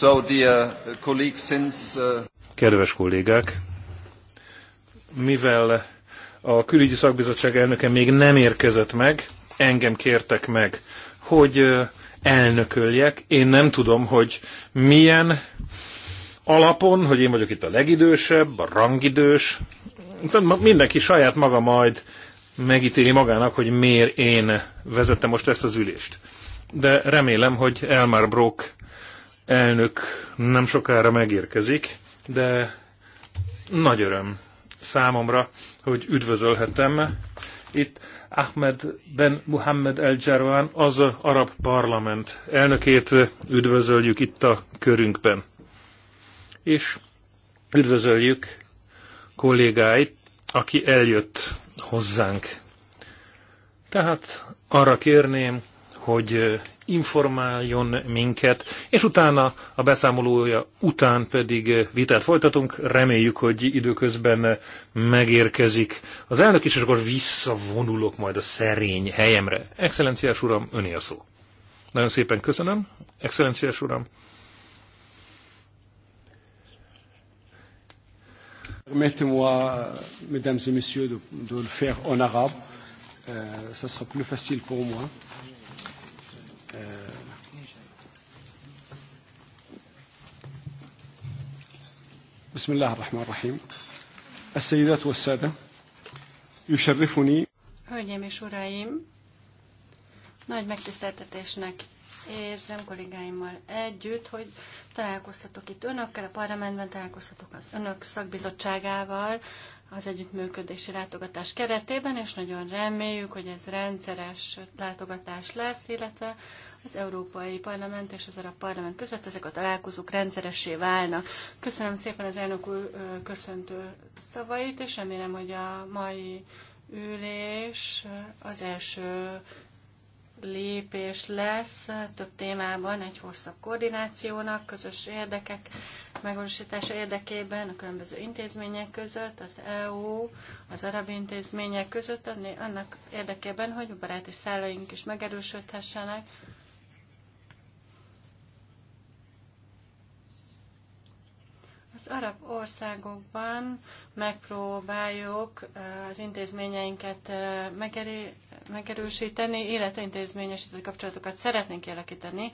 So, dear colleagues, since, uh... Kedves kollégák, mivel a külügyi szakbizottság elnöke még nem érkezett meg, engem kértek meg, hogy elnököljek. Én nem tudom, hogy milyen alapon, hogy én vagyok itt a legidősebb, a rangidős. Mindenki saját maga majd megítéli magának, hogy miért én vezettem most ezt az ülést. De remélem, hogy Elmar Brock elnök nem sokára megérkezik, de nagy öröm számomra, hogy üdvözölhetem itt Ahmed Ben Muhammed El Jarwan, az arab parlament elnökét üdvözöljük itt a körünkben. És üdvözöljük kollégáit, aki eljött hozzánk. Tehát arra kérném, hogy informáljon minket, és utána a beszámolója után pedig vitát folytatunk. Reméljük, hogy időközben megérkezik az elnök is, és akkor visszavonulok majd a szerény helyemre. Excellenciás uram, öné a szó. Nagyon szépen köszönöm, excellenciás uram. Permettez-moi, mesdames et messieurs, de, de le faire en arabe. Euh, ça sera plus facile pour moi. بسم الله الرحمن الرحيم السيدات والسادة يشرفني Hölgyeim és Uraim! Nagy megtiszteltetésnek érzem kollégáimmal együtt, hogy találkozhatok itt önökkel, a parlamentben találkozhatok az önök szakbizottságával, az együttműködési látogatás keretében, és nagyon reméljük, hogy ez rendszeres látogatás lesz, illetve az Európai Parlament és az Arab Parlament között ezek a találkozók rendszeressé válnak. Köszönöm szépen az elnök úr köszöntő szavait, és remélem, hogy a mai ülés az első lépés lesz több témában egy hosszabb koordinációnak, közös érdekek megvalósítása érdekében a különböző intézmények között, az EU, az arab intézmények között, annak érdekében, hogy a baráti szálaink is megerősödhessenek, Az arab országokban megpróbáljuk az intézményeinket megeri, megerősíteni, illetve intézményesített kapcsolatokat szeretnénk kialakítani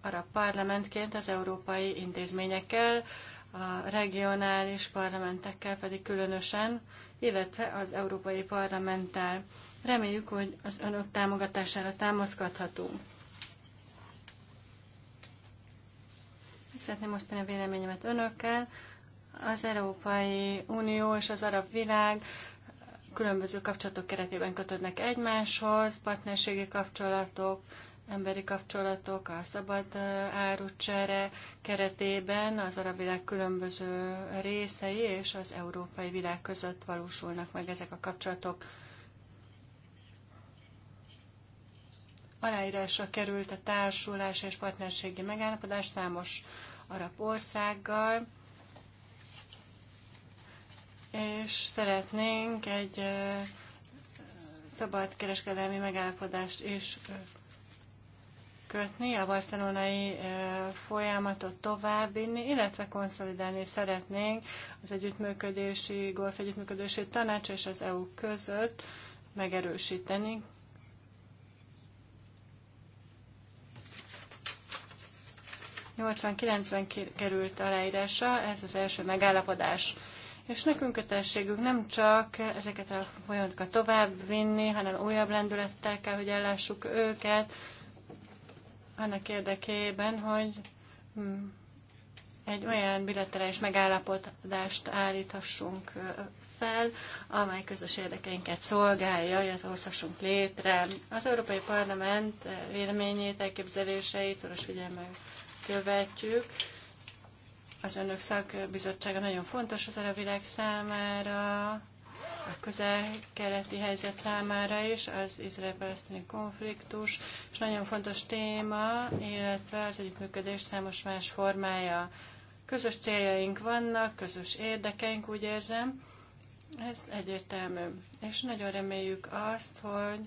arab parlamentként az európai intézményekkel, a regionális parlamentekkel pedig különösen, illetve az Európai Parlamenttel. Reméljük, hogy az önök támogatására támaszkodhatunk. Szeretném osztani a véleményemet önökkel. Az Európai Unió és az arab világ különböző kapcsolatok keretében kötődnek egymáshoz, partnerségi kapcsolatok, emberi kapcsolatok, a szabad árucsere keretében az arab világ különböző részei és az európai világ között valósulnak meg ezek a kapcsolatok. Aláírásra került a társulás és partnerségi megállapodás számos arab országgal, és szeretnénk egy szabad kereskedelmi megállapodást is kötni, a barcelonai folyamatot továbbvinni, illetve konszolidálni szeretnénk az együttműködési, golf együttműködési tanács és az EU között megerősíteni. 1989 ben került aláírása, ez az első megállapodás. És nekünk kötelességünk nem csak ezeket a folyamatokat tovább vinni, hanem újabb lendülettel kell, hogy ellássuk őket, annak érdekében, hogy mm, egy olyan bilaterális megállapodást állíthassunk fel, amely közös érdekeinket szolgálja, illetve hozhassunk létre. Az Európai Parlament véleményét, elképzeléseit szoros figyelmet követjük. Az önök szakbizottsága nagyon fontos az a világ számára, a közel-keleti helyzet számára is, az izrael-palesztini konfliktus, és nagyon fontos téma, illetve az együttműködés számos más formája. Közös céljaink vannak, közös érdekeink, úgy érzem. Ez egyértelmű. És nagyon reméljük azt, hogy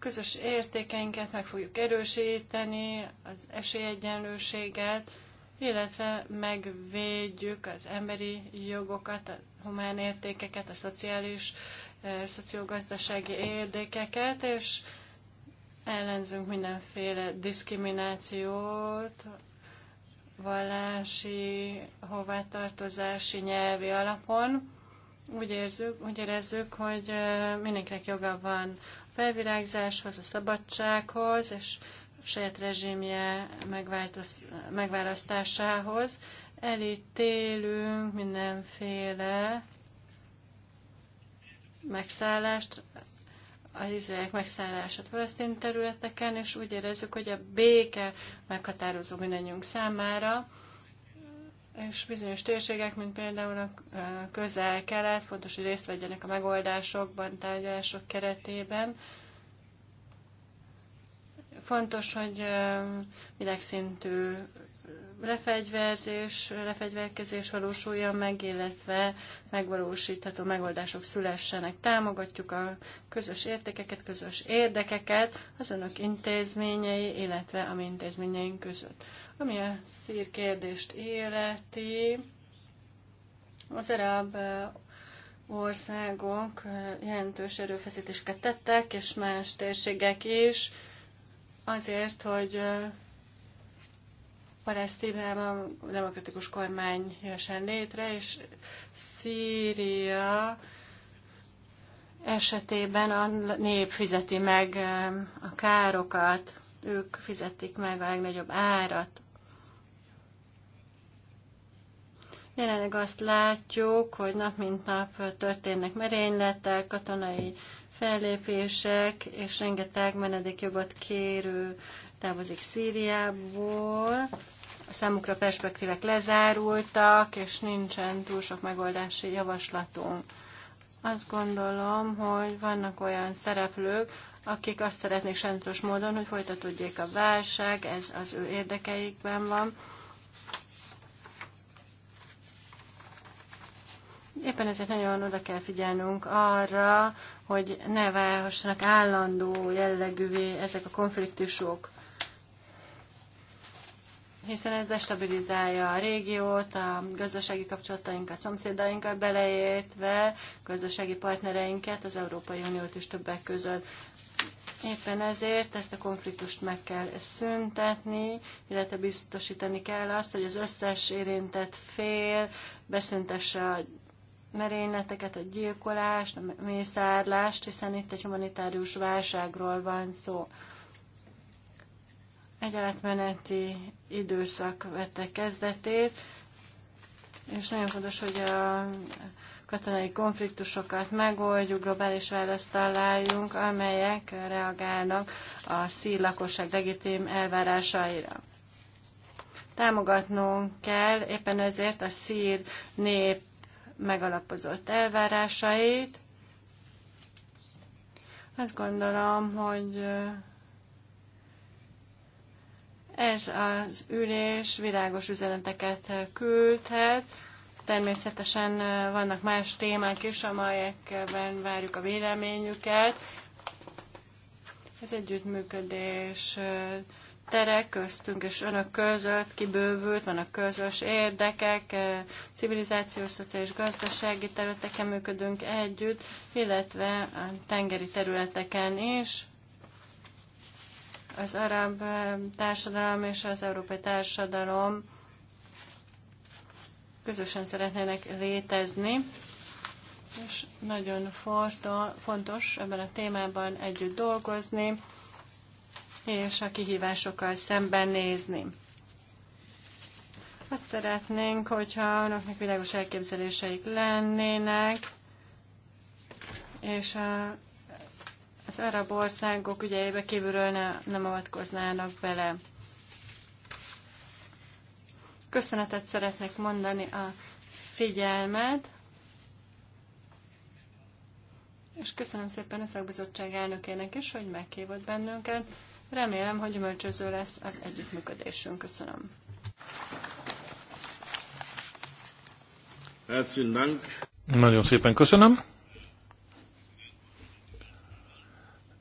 közös értékeinket meg fogjuk erősíteni, az esélyegyenlőséget, illetve megvédjük az emberi jogokat, a humán értékeket, a szociális, eh, szociogazdasági érdekeket, és ellenzünk mindenféle diszkriminációt, vallási, hovatartozási, nyelvi alapon. Úgy, érzük, úgy érezzük, hogy eh, mindenkinek joga van felvirágzáshoz, a szabadsághoz, és a saját rezsimje megválasztásához. Elítélünk mindenféle megszállást, az izraelek megszállását palesztin területeken, és úgy érezzük, hogy a béke meghatározó mindannyiunk számára, és bizonyos térségek, mint például a közel-kelet, fontos, hogy részt vegyenek a megoldásokban, tárgyalások keretében. Fontos, hogy világszintű lefegyverzés, lefegyverkezés valósuljon meg, illetve megvalósítható megoldások szülessenek. Támogatjuk a közös értékeket, közös érdekeket az önök intézményei, illetve a mi intézményeink között. Ami a szír kérdést életi, az arab eh, országok eh, jelentős erőfeszítéseket tettek, és más térségek is, azért, hogy eh, Palesztinában demokratikus kormány jöjjön létre, és Szíria esetében a nép fizeti meg a károkat, ők fizetik meg a legnagyobb árat. Jelenleg azt látjuk, hogy nap mint nap történnek merényletek, katonai fellépések, és rengeteg menedékjogot kérő távozik Szíriából. A számukra perspektívek lezárultak, és nincsen túl sok megoldási javaslatunk. Azt gondolom, hogy vannak olyan szereplők, akik azt szeretnék sajnos módon, hogy folytatódjék a válság, ez az ő érdekeikben van Éppen ezért nagyon oda kell figyelnünk arra, hogy ne válhassanak állandó jellegűvé ezek a konfliktusok, hiszen ez destabilizálja a régiót, a gazdasági kapcsolatainkat, szomszédainkat beleértve, gazdasági partnereinket, az Európai Uniót is többek között. Éppen ezért ezt a konfliktust meg kell szüntetni, illetve biztosítani kell azt, hogy az összes érintett fél beszüntesse a merényleteket, a gyilkolást, a mészárlást, hiszen itt egy humanitárius válságról van szó. Egy átmeneti időszak vette kezdetét, és nagyon fontos, hogy a katonai konfliktusokat megoldjuk, globális választ találjunk, amelyek reagálnak a szír lakosság legitim elvárásaira. Támogatnunk kell éppen ezért a szír nép megalapozott elvárásait. Azt gondolom, hogy ez az ülés világos üzeneteket küldhet. Természetesen vannak más témák is, amelyekben várjuk a véleményüket. Ez együttműködés terek köztünk és önök között kibővült, vannak közös érdekek, eh, civilizációs, szociális, gazdasági területeken működünk együtt, illetve a tengeri területeken is. Az arab eh, társadalom és az európai társadalom közösen szeretnének létezni, és nagyon fontos ebben a témában együtt dolgozni és a kihívásokkal szemben nézni. Azt szeretnénk, hogyha önöknek világos elképzeléseik lennének, és a, az arab országok ügyeibe kívülről ne, nem avatkoznának bele. Köszönetet szeretnék mondani a figyelmet, és köszönöm szépen a szakbizottság elnökének is, hogy meghívott bennünket. Remélem, hogy gyümölcsöző lesz az együttműködésünk. Köszönöm. Nagyon szépen köszönöm.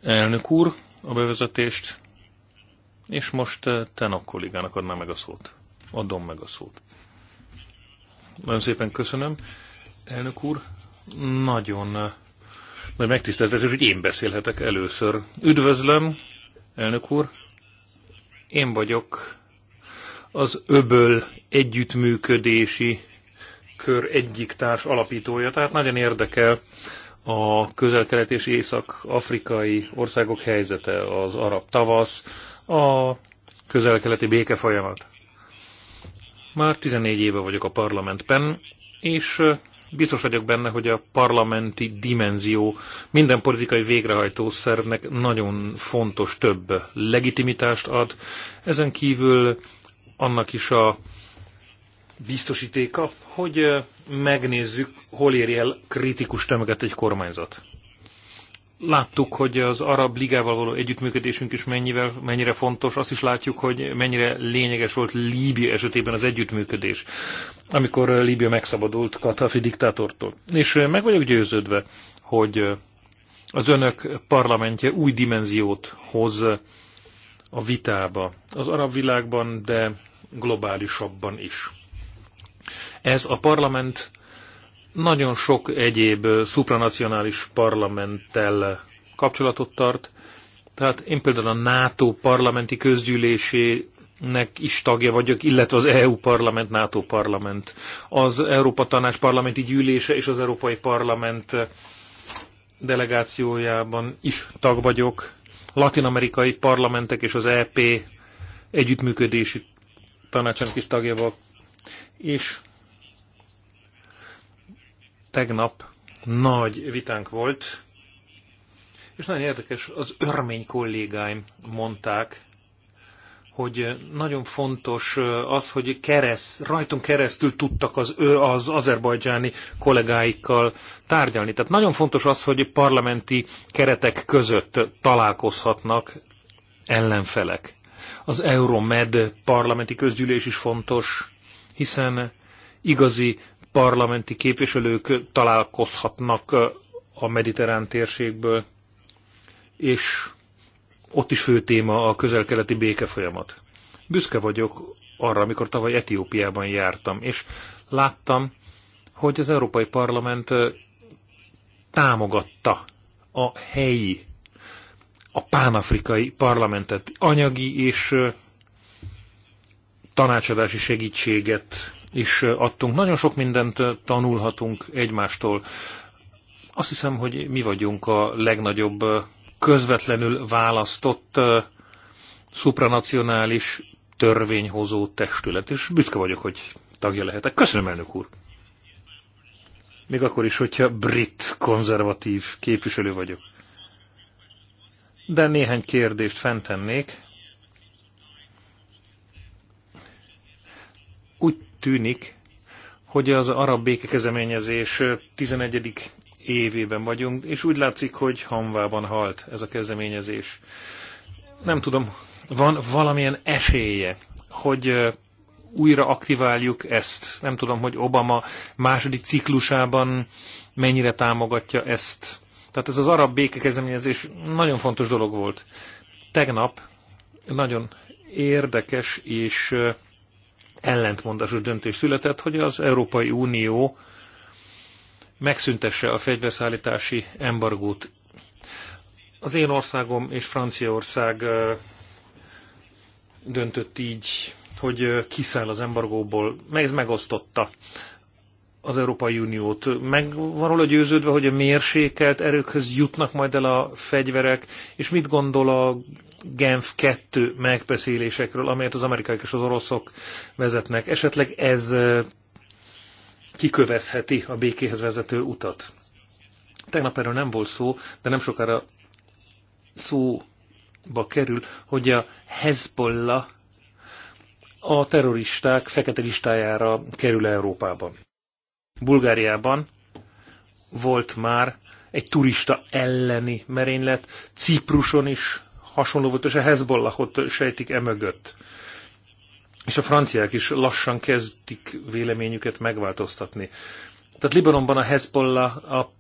Elnök úr, a bevezetést, és most eh, Tenok kollégának adnám meg a szót. Adom meg a szót. Nagyon szépen köszönöm. Elnök úr, nagyon eh, nagy megtiszteltetés, hogy én beszélhetek először. Üdvözlöm elnök úr. Én vagyok az öböl együttműködési kör egyik társ alapítója, tehát nagyon érdekel a közel-kelet és észak-afrikai országok helyzete, az arab tavasz, a közel-keleti béke folyamat. Már 14 éve vagyok a parlamentben, és Biztos vagyok benne, hogy a parlamenti dimenzió minden politikai végrehajtó szervnek nagyon fontos több legitimitást ad. Ezen kívül annak is a biztosítéka, hogy megnézzük, hol éri el kritikus tömeget egy kormányzat. Láttuk, hogy az Arab Ligával való együttműködésünk is mennyivel, mennyire fontos. Azt is látjuk, hogy mennyire lényeges volt Líbia esetében az együttműködés, amikor Líbia megszabadult Katafi diktátortól. És meg vagyok győződve, hogy az önök parlamentje új dimenziót hoz a vitába az arab világban, de globálisabban is. Ez a parlament nagyon sok egyéb szupranacionális parlamenttel kapcsolatot tart. Tehát én például a NATO parlamenti közgyűlésének is tagja vagyok, illetve az EU parlament, NATO parlament, az Európa Tanács parlamenti gyűlése és az Európai Parlament delegációjában is tag vagyok. Latin-amerikai parlamentek és az EP együttműködési tanácsának is tagja vagyok. És Tegnap nagy vitánk volt, és nagyon érdekes, az örmény kollégáim mondták, hogy nagyon fontos az, hogy kereszt, rajtunk keresztül tudtak az, az azerbajdzsáni kollégáikkal tárgyalni. Tehát nagyon fontos az, hogy parlamenti keretek között találkozhatnak ellenfelek. Az Euromed parlamenti közgyűlés is fontos, hiszen igazi parlamenti képviselők találkozhatnak a mediterrán térségből, és ott is fő téma a közelkeleti békefolyamat. Büszke vagyok arra, amikor tavaly Etiópiában jártam, és láttam, hogy az Európai Parlament támogatta a helyi, a pánafrikai parlamentet anyagi és tanácsadási segítséget is adtunk. Nagyon sok mindent tanulhatunk egymástól. Azt hiszem, hogy mi vagyunk a legnagyobb közvetlenül választott supranacionális törvényhozó testület, és büszke vagyok, hogy tagja lehetek. Köszönöm, elnök úr! Még akkor is, hogyha brit konzervatív képviselő vagyok. De néhány kérdést fentennék. Úgy tűnik, hogy az arab békekezeményezés 11. évében vagyunk, és úgy látszik, hogy hamvában halt ez a kezeményezés. Nem tudom, van valamilyen esélye, hogy újra aktiváljuk ezt. Nem tudom, hogy Obama második ciklusában mennyire támogatja ezt. Tehát ez az arab békekezeményezés nagyon fontos dolog volt. Tegnap nagyon érdekes és ellentmondásos döntés született, hogy az Európai Unió megszüntesse a fegyverszállítási embargót. Az én országom és Franciaország döntött így, hogy kiszáll az embargóból. Ez megosztotta az Európai Uniót. Meg van róla győződve, hogy a mérsékelt erőkhöz jutnak majd el a fegyverek, és mit gondol a Genf 2 megbeszélésekről, amelyet az amerikaiak és az oroszok vezetnek. Esetleg ez kikövezheti a békéhez vezető utat. Tegnap erről nem volt szó, de nem sokára szóba kerül, hogy a Hezbollah a terroristák fekete listájára kerül Európában. Bulgáriában volt már egy turista elleni merénylet, Cipruson is hasonló volt, és a Hezbollahot sejtik e mögött. És a franciák is lassan kezdik véleményüket megváltoztatni. Tehát Libanonban a Hezbollah a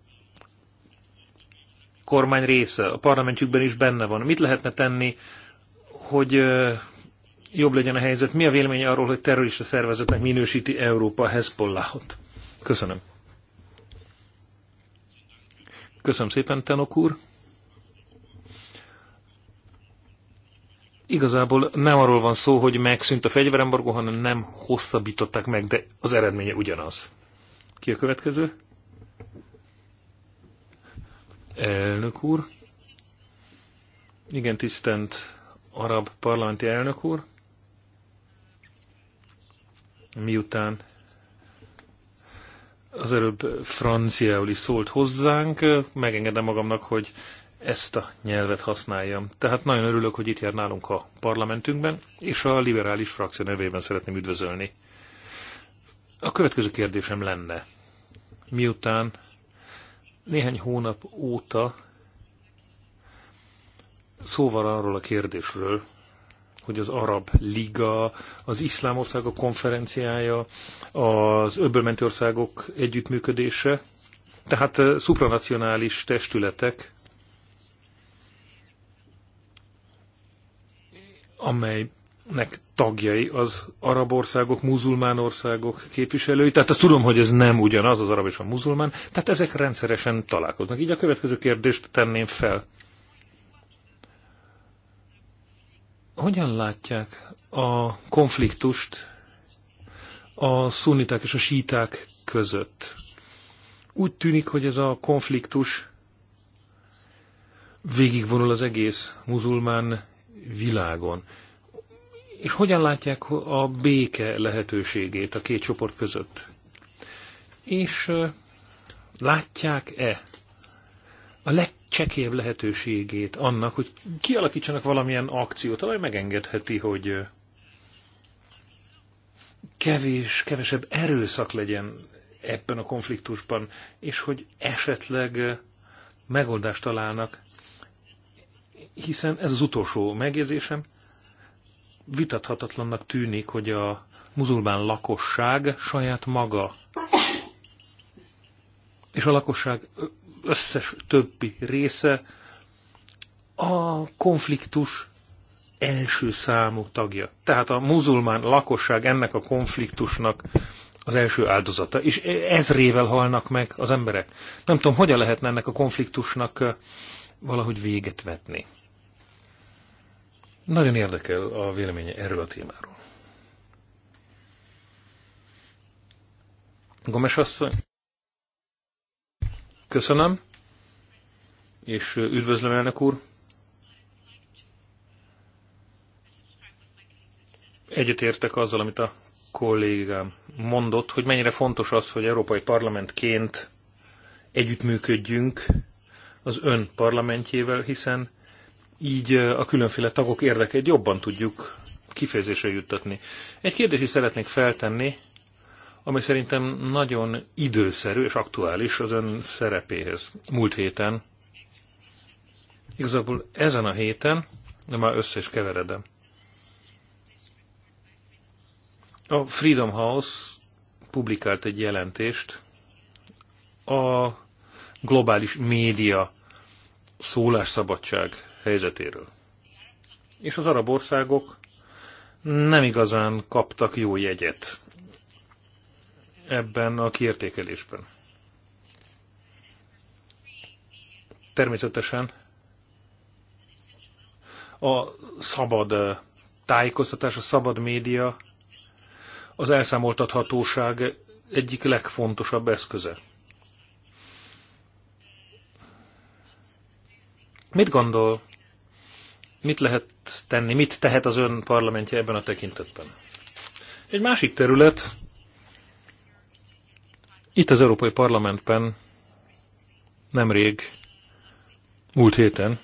kormány része, a parlamentjükben is benne van. Mit lehetne tenni, hogy jobb legyen a helyzet? Mi a véleménye arról, hogy terrorista szervezetnek minősíti Európa a Hezbollahot? Köszönöm. Köszönöm szépen, Tenok úr. igazából nem arról van szó, hogy megszűnt a fegyverembargó, hanem nem hosszabbították meg, de az eredménye ugyanaz. Ki a következő? Elnök úr. Igen, tisztent arab parlamenti elnök úr. Miután az előbb franciául is szólt hozzánk, megengedem magamnak, hogy ezt a nyelvet használjam. Tehát nagyon örülök, hogy itt jár nálunk a parlamentünkben, és a liberális frakció nevében szeretném üdvözölni. A következő kérdésem lenne, miután néhány hónap óta szóval arról a kérdésről, hogy az Arab Liga, az Iszlám országok konferenciája, az öbölmenti országok együttműködése, tehát eh, szupranacionális testületek amelynek tagjai az arab országok, muzulmán országok képviselői. Tehát azt tudom, hogy ez nem ugyanaz, az arab és a muzulmán. Tehát ezek rendszeresen találkoznak. Így a következő kérdést tenném fel. Hogyan látják a konfliktust a szunniták és a síták között? Úgy tűnik, hogy ez a konfliktus végigvonul az egész muzulmán világon. És hogyan látják a béke lehetőségét a két csoport között? És látják-e a legcsekébb lehetőségét annak, hogy kialakítsanak valamilyen akciót, amely megengedheti, hogy kevés, kevesebb erőszak legyen ebben a konfliktusban, és hogy esetleg megoldást találnak hiszen ez az utolsó megjegyzésem, vitathatatlannak tűnik, hogy a muzulmán lakosság saját maga, és a lakosság összes többi része a konfliktus első számú tagja. Tehát a muzulmán lakosság ennek a konfliktusnak az első áldozata, és ezrével halnak meg az emberek. Nem tudom, hogyan lehetne ennek a konfliktusnak eh, valahogy véget vetni. Nagyon érdekel a véleménye erről a témáról. Gomes asszony, köszönöm, és üdvözlöm elnök úr. Egyetértek azzal, amit a kollégám mondott, hogy mennyire fontos az, hogy Európai Parlamentként együttműködjünk az ön parlamentjével, hiszen így a különféle tagok érdekeit jobban tudjuk kifejezésre juttatni. Egy kérdést is szeretnék feltenni, ami szerintem nagyon időszerű és aktuális az ön szerepéhez. Múlt héten, igazából ezen a héten, de már össze is keveredem. A Freedom House publikált egy jelentést a globális média szólásszabadság helyzetéről. És az arab országok nem igazán kaptak jó jegyet ebben a kiértékelésben. Természetesen a szabad eh, tájékoztatás, a szabad média az elszámoltathatóság egyik legfontosabb eszköze. Mit gondol mit lehet tenni, mit tehet az ön parlamentje ebben a tekintetben? Egy másik terület, itt az Európai Parlamentben nemrég, múlt héten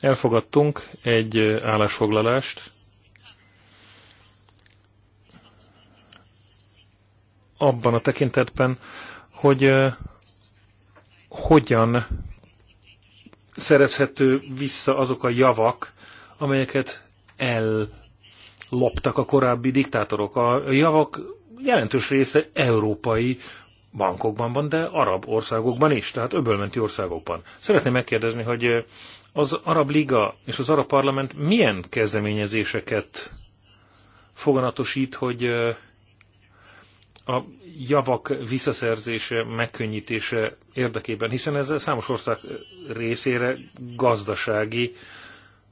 elfogadtunk egy állásfoglalást abban a tekintetben, hogy eh, hogyan szerezhető vissza azok a javak, amelyeket elloptak a korábbi diktátorok. A javak jelentős része európai bankokban van, de arab országokban is, tehát öbölmenti országokban. Szeretném megkérdezni, hogy az Arab Liga és az Arab Parlament milyen kezdeményezéseket foganatosít, hogy a javak visszaszerzése, megkönnyítése érdekében, hiszen ez számos ország részére gazdasági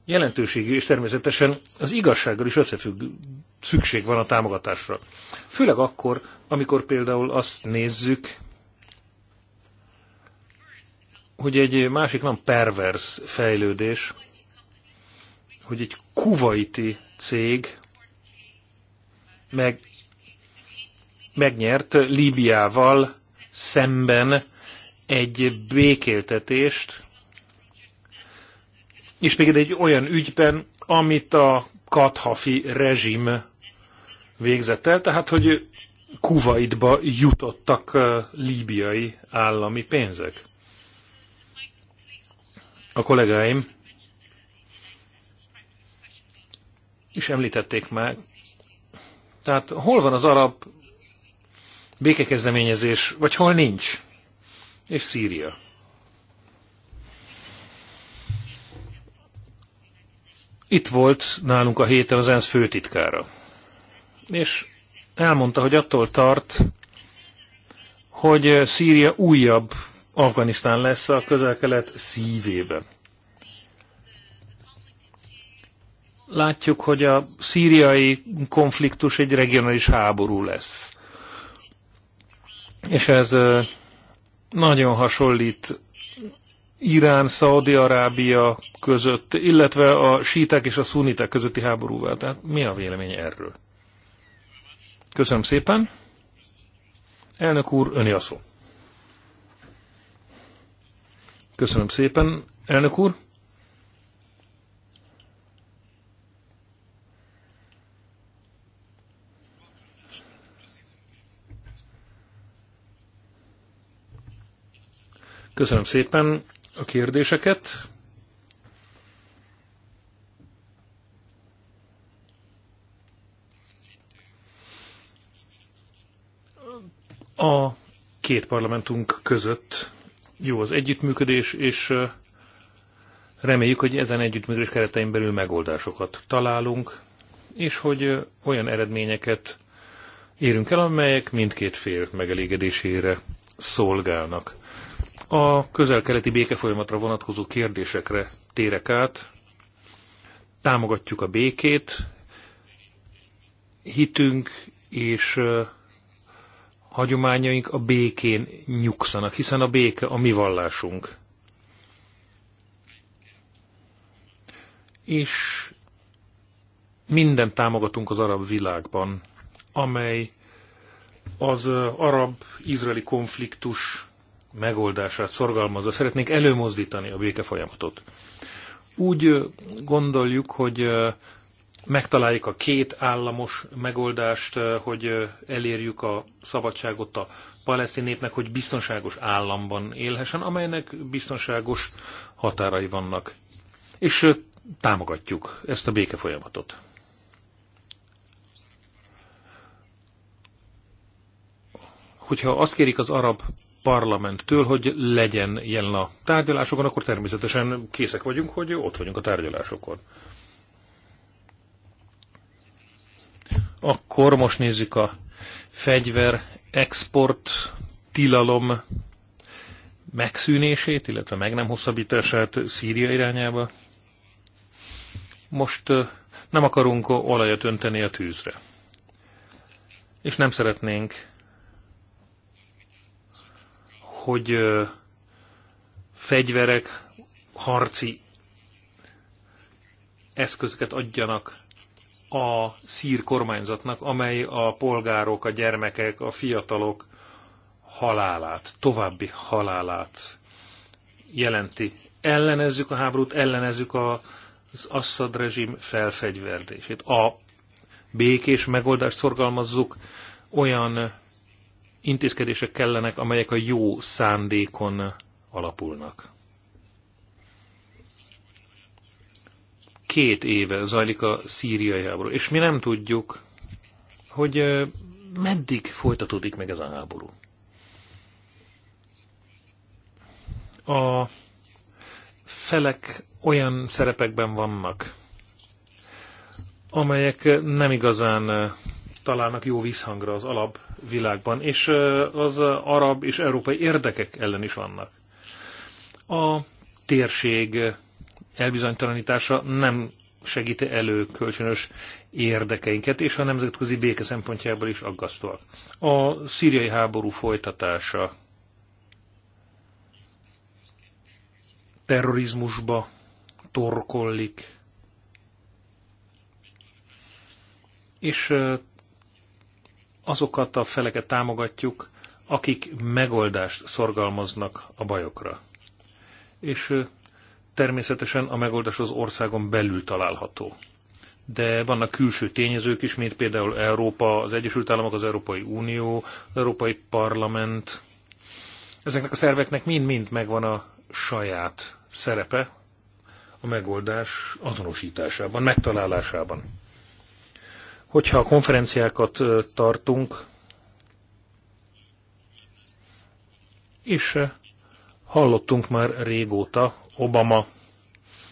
jelentőségű, és természetesen az igazsággal is összefügg, szükség van a támogatásra. Főleg akkor, amikor például azt nézzük, hogy egy másik nem pervers fejlődés, hogy egy kuvaiti cég meg megnyert Líbiával szemben egy békéltetést, és még egy olyan ügyben, amit a Kadhafi rezsim végzett el, tehát hogy Kuwaitba jutottak líbiai állami pénzek. A kollégáim is említették már. Tehát hol van az arab békekezdeményezés, vagy hol nincs. És Szíria. Itt volt nálunk a héten az ENSZ főtitkára. És elmondta, hogy attól tart, hogy Szíria újabb Afganisztán lesz a közel-kelet szívében. Látjuk, hogy a szíriai konfliktus egy regionális háború lesz és ez nagyon hasonlít Irán, Szaudi-Arábia között, illetve a síták és a szunitek közötti háborúval. Tehát mi a vélemény erről? Köszönöm szépen. Elnök úr, öni a szó. Köszönöm szépen, elnök úr. Köszönöm szépen a kérdéseket. A két parlamentunk között jó az együttműködés, és reméljük, hogy ezen együttműködés keretein belül megoldásokat találunk, és hogy olyan eredményeket érünk el, amelyek mindkét fél megelégedésére szolgálnak. A közel-keleti békefolyamatra vonatkozó kérdésekre térek át. Támogatjuk a békét, hitünk és hagyományaink a békén nyugszanak, hiszen a béke a mi vallásunk. És minden támogatunk az arab világban, amely az arab-izraeli konfliktus megoldását szorgalmazza, szeretnénk előmozdítani a béke folyamatot. Úgy gondoljuk, hogy megtaláljuk a két államos megoldást, hogy elérjük a szabadságot a palesztin népnek, hogy biztonságos államban élhessen, amelynek biztonságos határai vannak. És támogatjuk ezt a béke folyamatot. Hogyha azt kérik az arab parlamenttől, hogy legyen jelen a tárgyalásokon, akkor természetesen készek vagyunk, hogy ott vagyunk a tárgyalásokon. Akkor most nézzük a fegyver export tilalom megszűnését, illetve meg nem hosszabbítását Szíria irányába. Most nem akarunk olajat önteni a tűzre. És nem szeretnénk hogy fegyverek, harci eszközöket adjanak a szír kormányzatnak, amely a polgárok, a gyermekek, a fiatalok halálát, további halálát jelenti. Ellenezzük a háborút, ellenezzük az Assad rezsim felfegyverdését. A békés megoldást szorgalmazzuk, olyan intézkedések kellenek, amelyek a jó szándékon alapulnak. Két éve zajlik a szíriai háború, és mi nem tudjuk, hogy meddig folytatódik meg ez a háború. A felek olyan szerepekben vannak, amelyek nem igazán találnak jó vízhangra az alap világban, és az arab és európai érdekek ellen is vannak. A térség elbizonytalanítása nem segíti elő kölcsönös érdekeinket, és a nemzetközi béke szempontjából is aggasztóak. A szíriai háború folytatása terrorizmusba torkollik, és azokat a feleket támogatjuk, akik megoldást szorgalmaznak a bajokra. És természetesen a megoldás az országon belül található. De vannak külső tényezők is, mint például Európa, az Egyesült Államok, az Európai Unió, az Európai Parlament. Ezeknek a szerveknek mind-mind megvan a saját szerepe a megoldás azonosításában, megtalálásában. Hogyha konferenciákat tartunk, és hallottunk már régóta Obama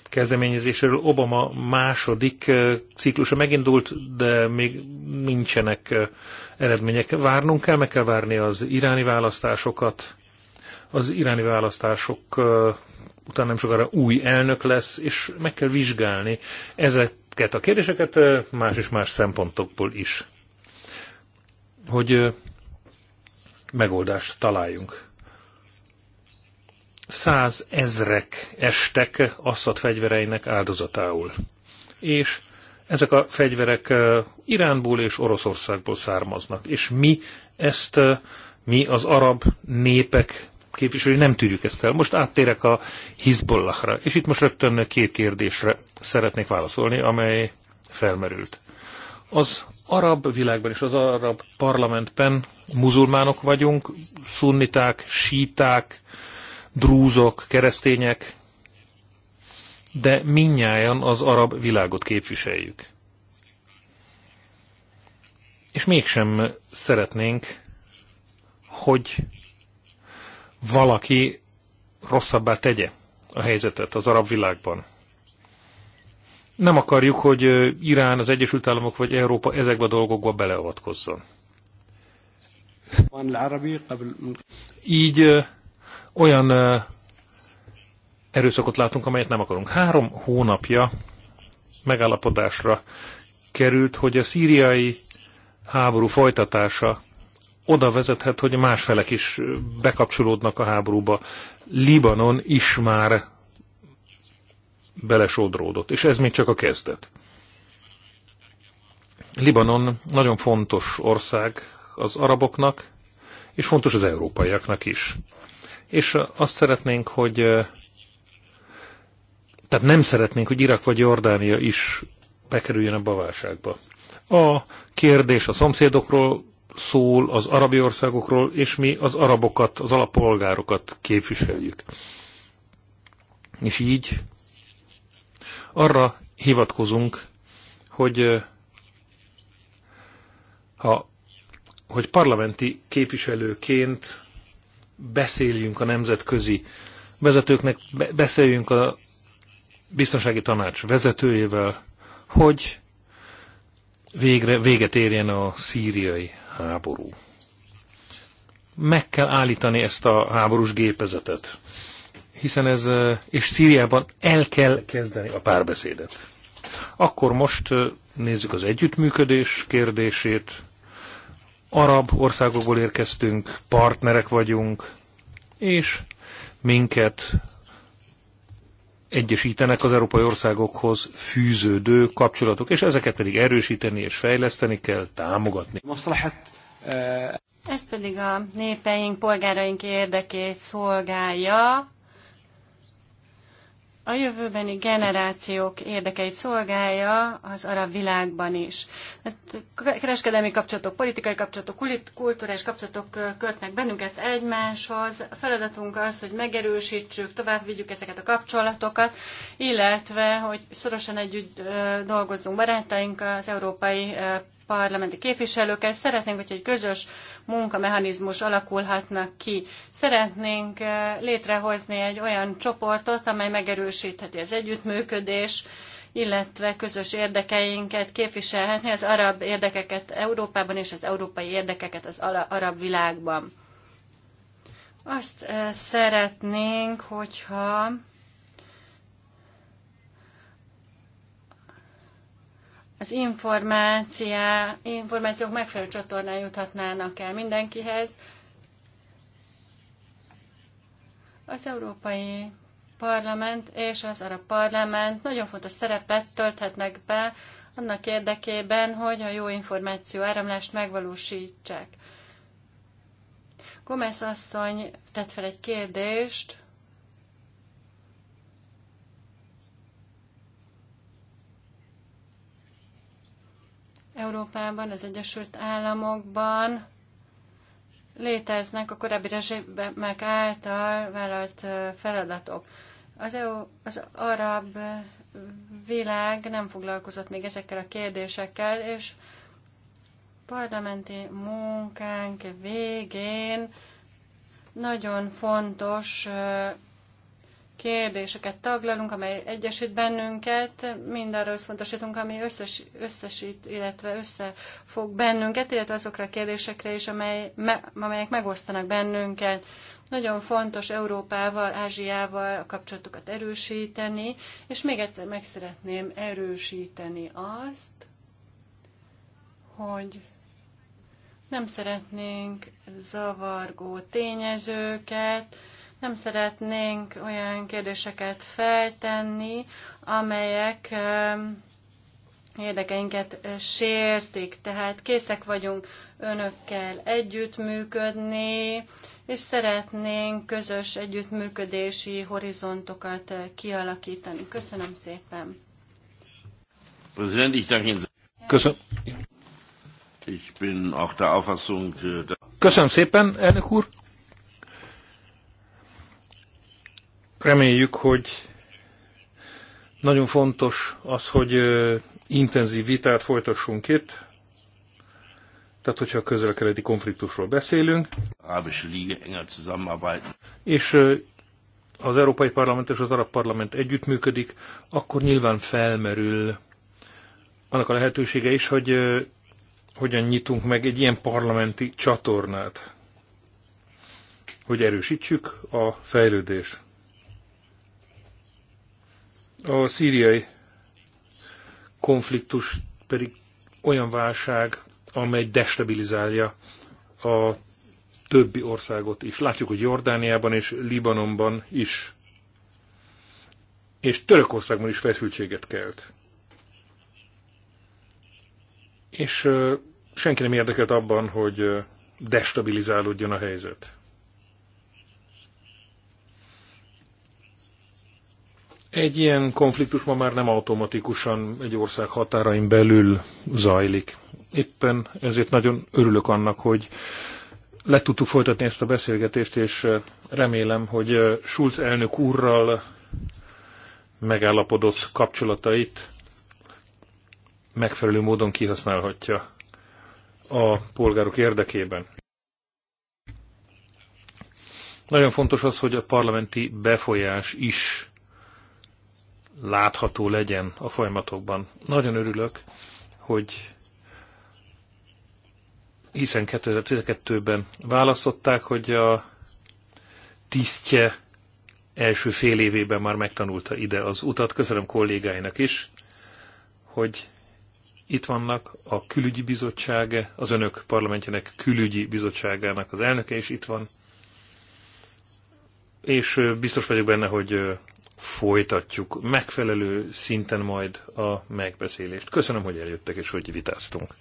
kezdeményezéséről. Obama második ciklusa megindult, de még nincsenek eredmények. Várnunk kell, meg kell várni az iráni választásokat. Az iráni választások után nem sokára új elnök lesz, és meg kell vizsgálni ezek ezeket a kérdéseket más és más szempontokból is, hogy megoldást találjunk. Száz ezrek estek asszat fegyvereinek áldozatául, és ezek a fegyverek Iránból és Oroszországból származnak, és mi ezt mi az arab népek képviselői nem tűrjük ezt el. Most áttérek a Hizbollahra, és itt most rögtön két kérdésre szeretnék válaszolni, amely felmerült. Az arab világban és az arab parlamentben muzulmánok vagyunk, szunniták, síták, drúzok, keresztények, de minnyáján az arab világot képviseljük. És mégsem szeretnénk, hogy valaki rosszabbá tegye a helyzetet az arab világban. Nem akarjuk, hogy Irán, az Egyesült Államok vagy Európa ezekbe a dolgokba beleavatkozzon. Így olyan erőszakot látunk, amelyet nem akarunk. Három hónapja megállapodásra került, hogy a szíriai háború folytatása oda vezethet, hogy más felek is bekapcsolódnak a háborúba. Libanon is már belesodródott, és ez még csak a kezdet. Libanon nagyon fontos ország az araboknak, és fontos az európaiaknak is. És azt szeretnénk, hogy tehát nem szeretnénk, hogy Irak vagy Jordánia is bekerüljön ebbe a válságba. A kérdés a szomszédokról szól az arabi országokról, és mi az arabokat, az alapolgárokat képviseljük. És így arra hivatkozunk, hogy ha, hogy parlamenti képviselőként beszéljünk a nemzetközi vezetőknek, beszéljünk a biztonsági tanács vezetőjével, hogy végre véget érjen a szíriai háború. Meg kell állítani ezt a háborús gépezetet, hiszen ez, eh, és Szíriában el kell kezdeni a párbeszédet. Akkor most eh, nézzük az együttműködés kérdését. Arab országokból érkeztünk, partnerek vagyunk, és minket egyesítenek az európai országokhoz fűződő kapcsolatok, és ezeket pedig erősíteni és fejleszteni kell, támogatni. Eh, Ez pedig a népeink, polgáraink érdekét szolgálja, a jövőbeni generációk érdekeit szolgálja az arab világban is. Hát kereskedelmi kapcsolatok, politikai kapcsolatok, kulturális kapcsolatok kötnek bennünket egymáshoz. A feladatunk az, hogy megerősítsük, tovább vigyük ezeket a kapcsolatokat, illetve, hogy szorosan együtt dolgozzunk barátainkkal, az európai parlamenti képviselőkkel. Szeretnénk, hogy egy közös munkamechanizmus alakulhatna ki. Szeretnénk eh, létrehozni egy olyan csoportot, amely megerősítheti az együttműködés, illetve közös érdekeinket képviselhetni, az arab érdekeket Európában és az európai érdekeket az arab világban. Azt eh, szeretnénk, hogyha az információ, információk megfelelő csatornán juthatnának el mindenkihez. Az Európai Parlament és az Arab Parlament nagyon fontos szerepet tölthetnek be annak érdekében, hogy a jó információ áramlást megvalósítsák. Gomez asszony tett fel egy kérdést Európában, az Egyesült Államokban léteznek a korábbi rezsimek által vállalt feladatok. Az, EU, az arab világ nem foglalkozott még ezekkel a kérdésekkel, és parlamenti munkánk végén nagyon fontos kérdéseket taglalunk, amely egyesít bennünket, mindarra összpontosítunk, ami összes, összesít, illetve összefog bennünket, illetve azokra a kérdésekre is, amely, me, amelyek megosztanak bennünket. Nagyon fontos Európával, Ázsiával a kapcsolatokat erősíteni, és még egyszer meg szeretném erősíteni azt, hogy nem szeretnénk zavargó tényezőket, nem szeretnénk olyan kérdéseket feltenni, amelyek érdekeinket sértik, tehát készek vagyunk önökkel együttműködni, és szeretnénk közös együttműködési horizontokat kialakítani. Köszönöm szépen. Köszönöm. Äh, Köszönöm szépen, elnök úr. Reméljük, hogy nagyon fontos az, hogy intenzív vitát folytassunk itt, tehát hogyha a közel-keleti konfliktusról beszélünk, és az Európai Parlament és az Arab Parlament együttműködik, akkor nyilván felmerül annak a lehetősége is, hogy hogyan nyitunk meg egy ilyen parlamenti csatornát, hogy erősítsük a fejlődést. A szíriai konfliktus pedig olyan válság, amely destabilizálja a többi országot is. Látjuk, hogy Jordániában és Libanonban is, és Törökországban is feszültséget kelt. És senki nem érdekelt abban, hogy destabilizálódjon a helyzet. Egy ilyen konfliktus ma már nem automatikusan egy ország határain belül zajlik. Éppen ezért nagyon örülök annak, hogy le tudtuk folytatni ezt a beszélgetést, és remélem, hogy Schulz elnök úrral megállapodott kapcsolatait megfelelő módon kihasználhatja a polgárok érdekében. Nagyon fontos az, hogy a parlamenti befolyás is látható legyen a folyamatokban. Nagyon örülök, hogy hiszen 2012-ben választották, hogy a tisztje első fél évében már megtanulta ide az utat. Köszönöm kollégáinak is, hogy itt vannak a külügyi bizottság, az önök parlamentjének külügyi bizottságának az elnöke is itt van. És biztos vagyok benne, hogy folytatjuk megfelelő szinten majd a megbeszélést. Köszönöm, hogy eljöttek és hogy vitáztunk.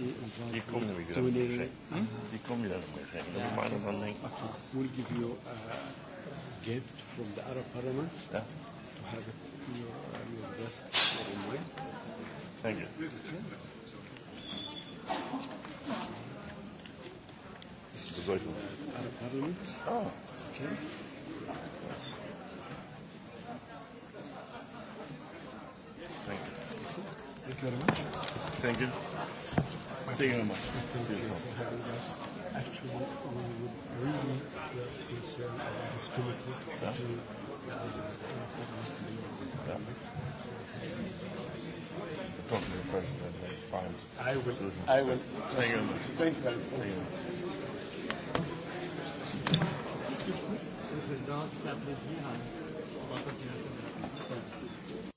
Vi kommer nog göra en ursäkt. Vi kommer göra en ursäkt. De är bara en anledning. We'll give you a gift from the Arab Parliament. Yeah. Ja. Ja. Talk to the president and find I will. Solution. I will. Thank you. Thank you very much. Thank you. Monsieur le Président, c'est un plaisir. On va continuer à se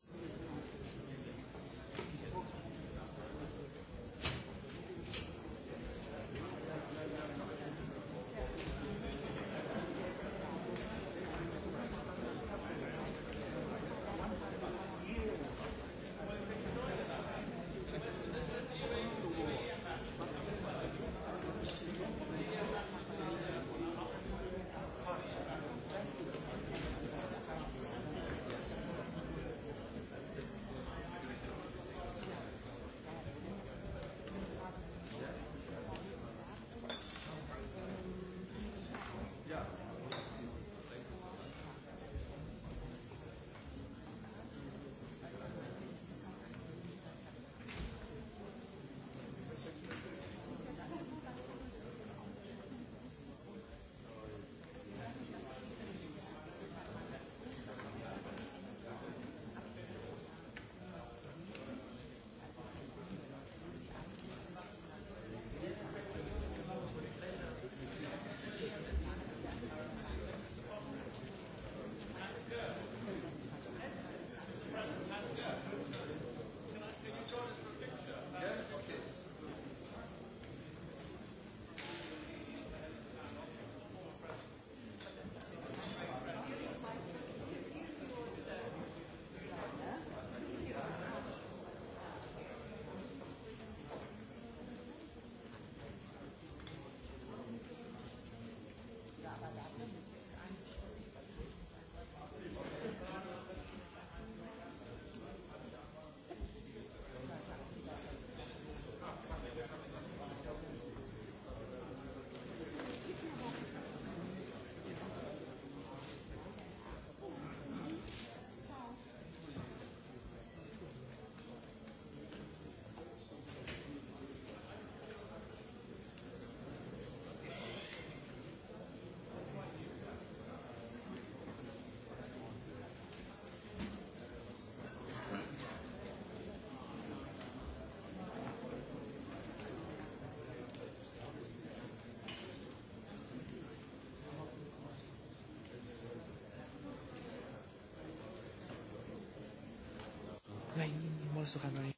nem, Mostra o canal aí.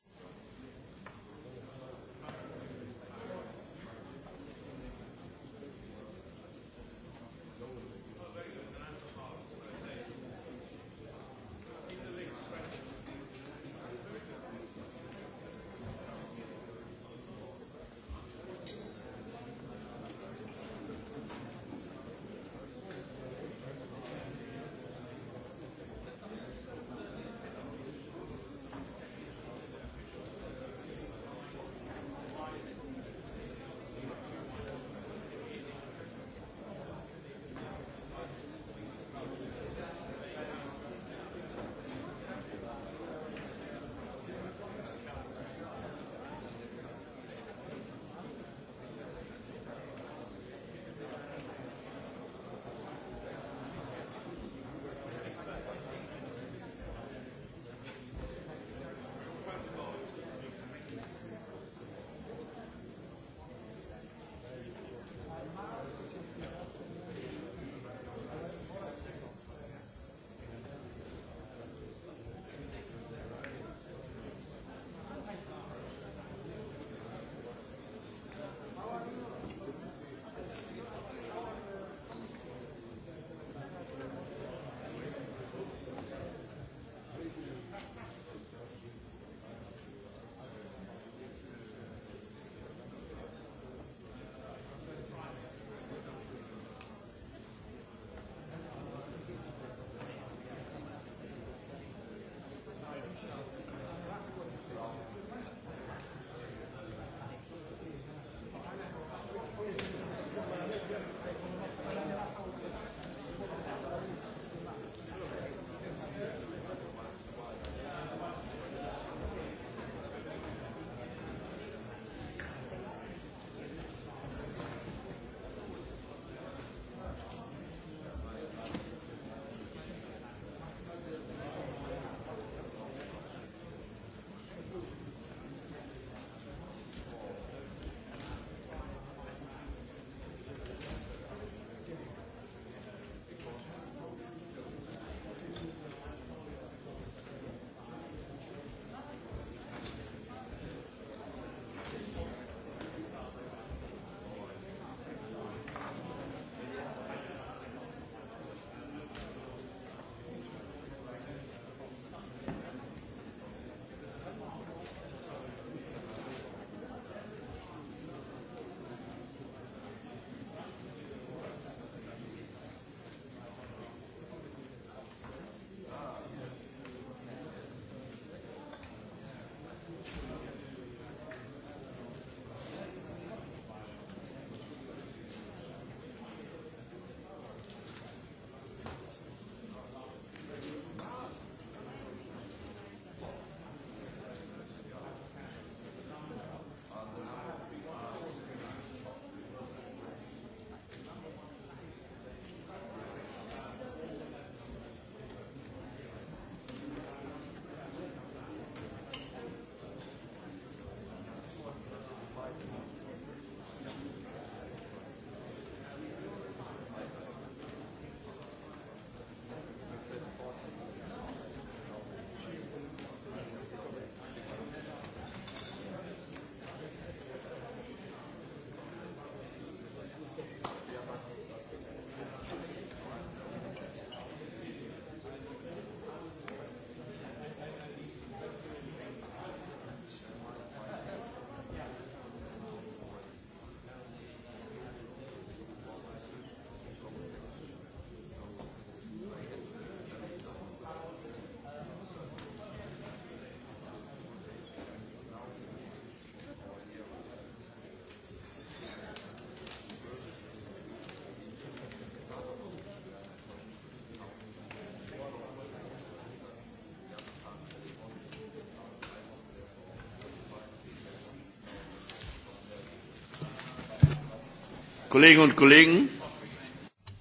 Kolléginnen und Kollegen!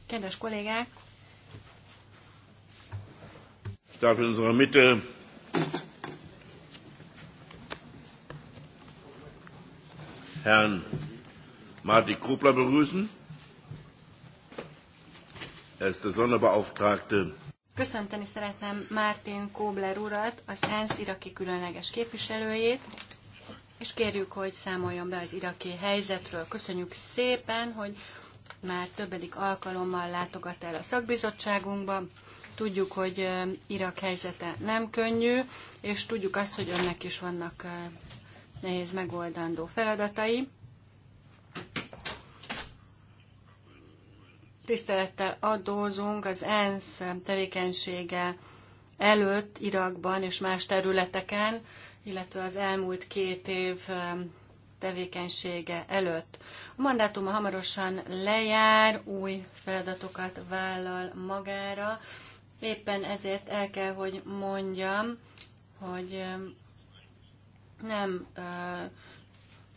Kedves kollégák! Ich darf in unserer Mitte Herrn Martin Krupler begrüßen. Er ist der Sonderbeauftragte. Köszönteni szeretném Martin Kobler urat, az ENSZ iraki különleges képviselőjét, kérjük, hogy számoljon be az iraki helyzetről. Köszönjük szépen, hogy már többedik alkalommal látogat el a szakbizottságunkba. Tudjuk, hogy Irak helyzete nem könnyű, és tudjuk azt, hogy önnek is vannak nehéz megoldandó feladatai. Tisztelettel adózunk az ENSZ tevékenysége előtt Irakban és más területeken, illetve az elmúlt két év tevékenysége előtt. A mandátuma hamarosan lejár, új feladatokat vállal magára. Éppen ezért el kell, hogy mondjam, hogy nem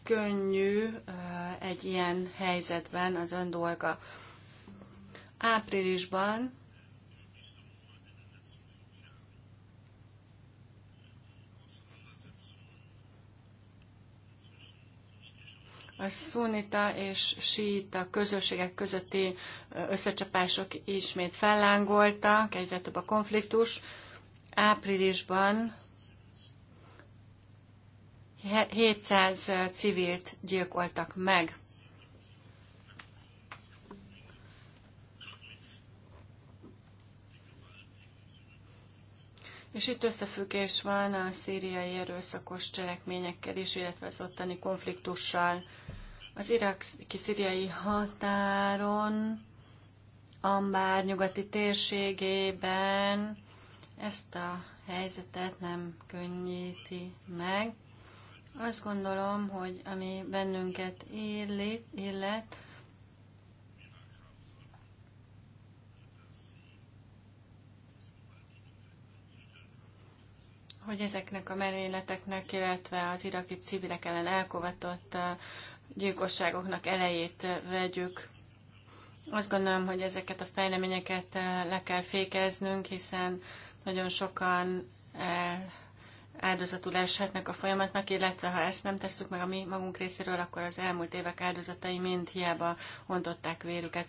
könnyű egy ilyen helyzetben az ön dolga. Áprilisban a szunita és síta közösségek közötti összecsapások ismét fellángoltak, egyre több a konfliktus. Áprilisban 700 civilt gyilkoltak meg. És itt összefüggés van a szíriai erőszakos cselekményekkel is, illetve az ottani konfliktussal. Az iraki-szíriai határon, Ambár nyugati térségében ezt a helyzetet nem könnyíti meg. Azt gondolom, hogy ami bennünket illet, illet hogy ezeknek a merényleteknek, illetve az iraki civilek ellen elkovatott gyilkosságoknak elejét vegyük. Azt gondolom, hogy ezeket a fejleményeket eh, le kell fékeznünk, hiszen nagyon sokan eh, áldozatul eshetnek a folyamatnak, illetve ha ezt nem tesszük meg a mi magunk részéről, akkor az elmúlt évek áldozatai mind hiába ontották vérüket.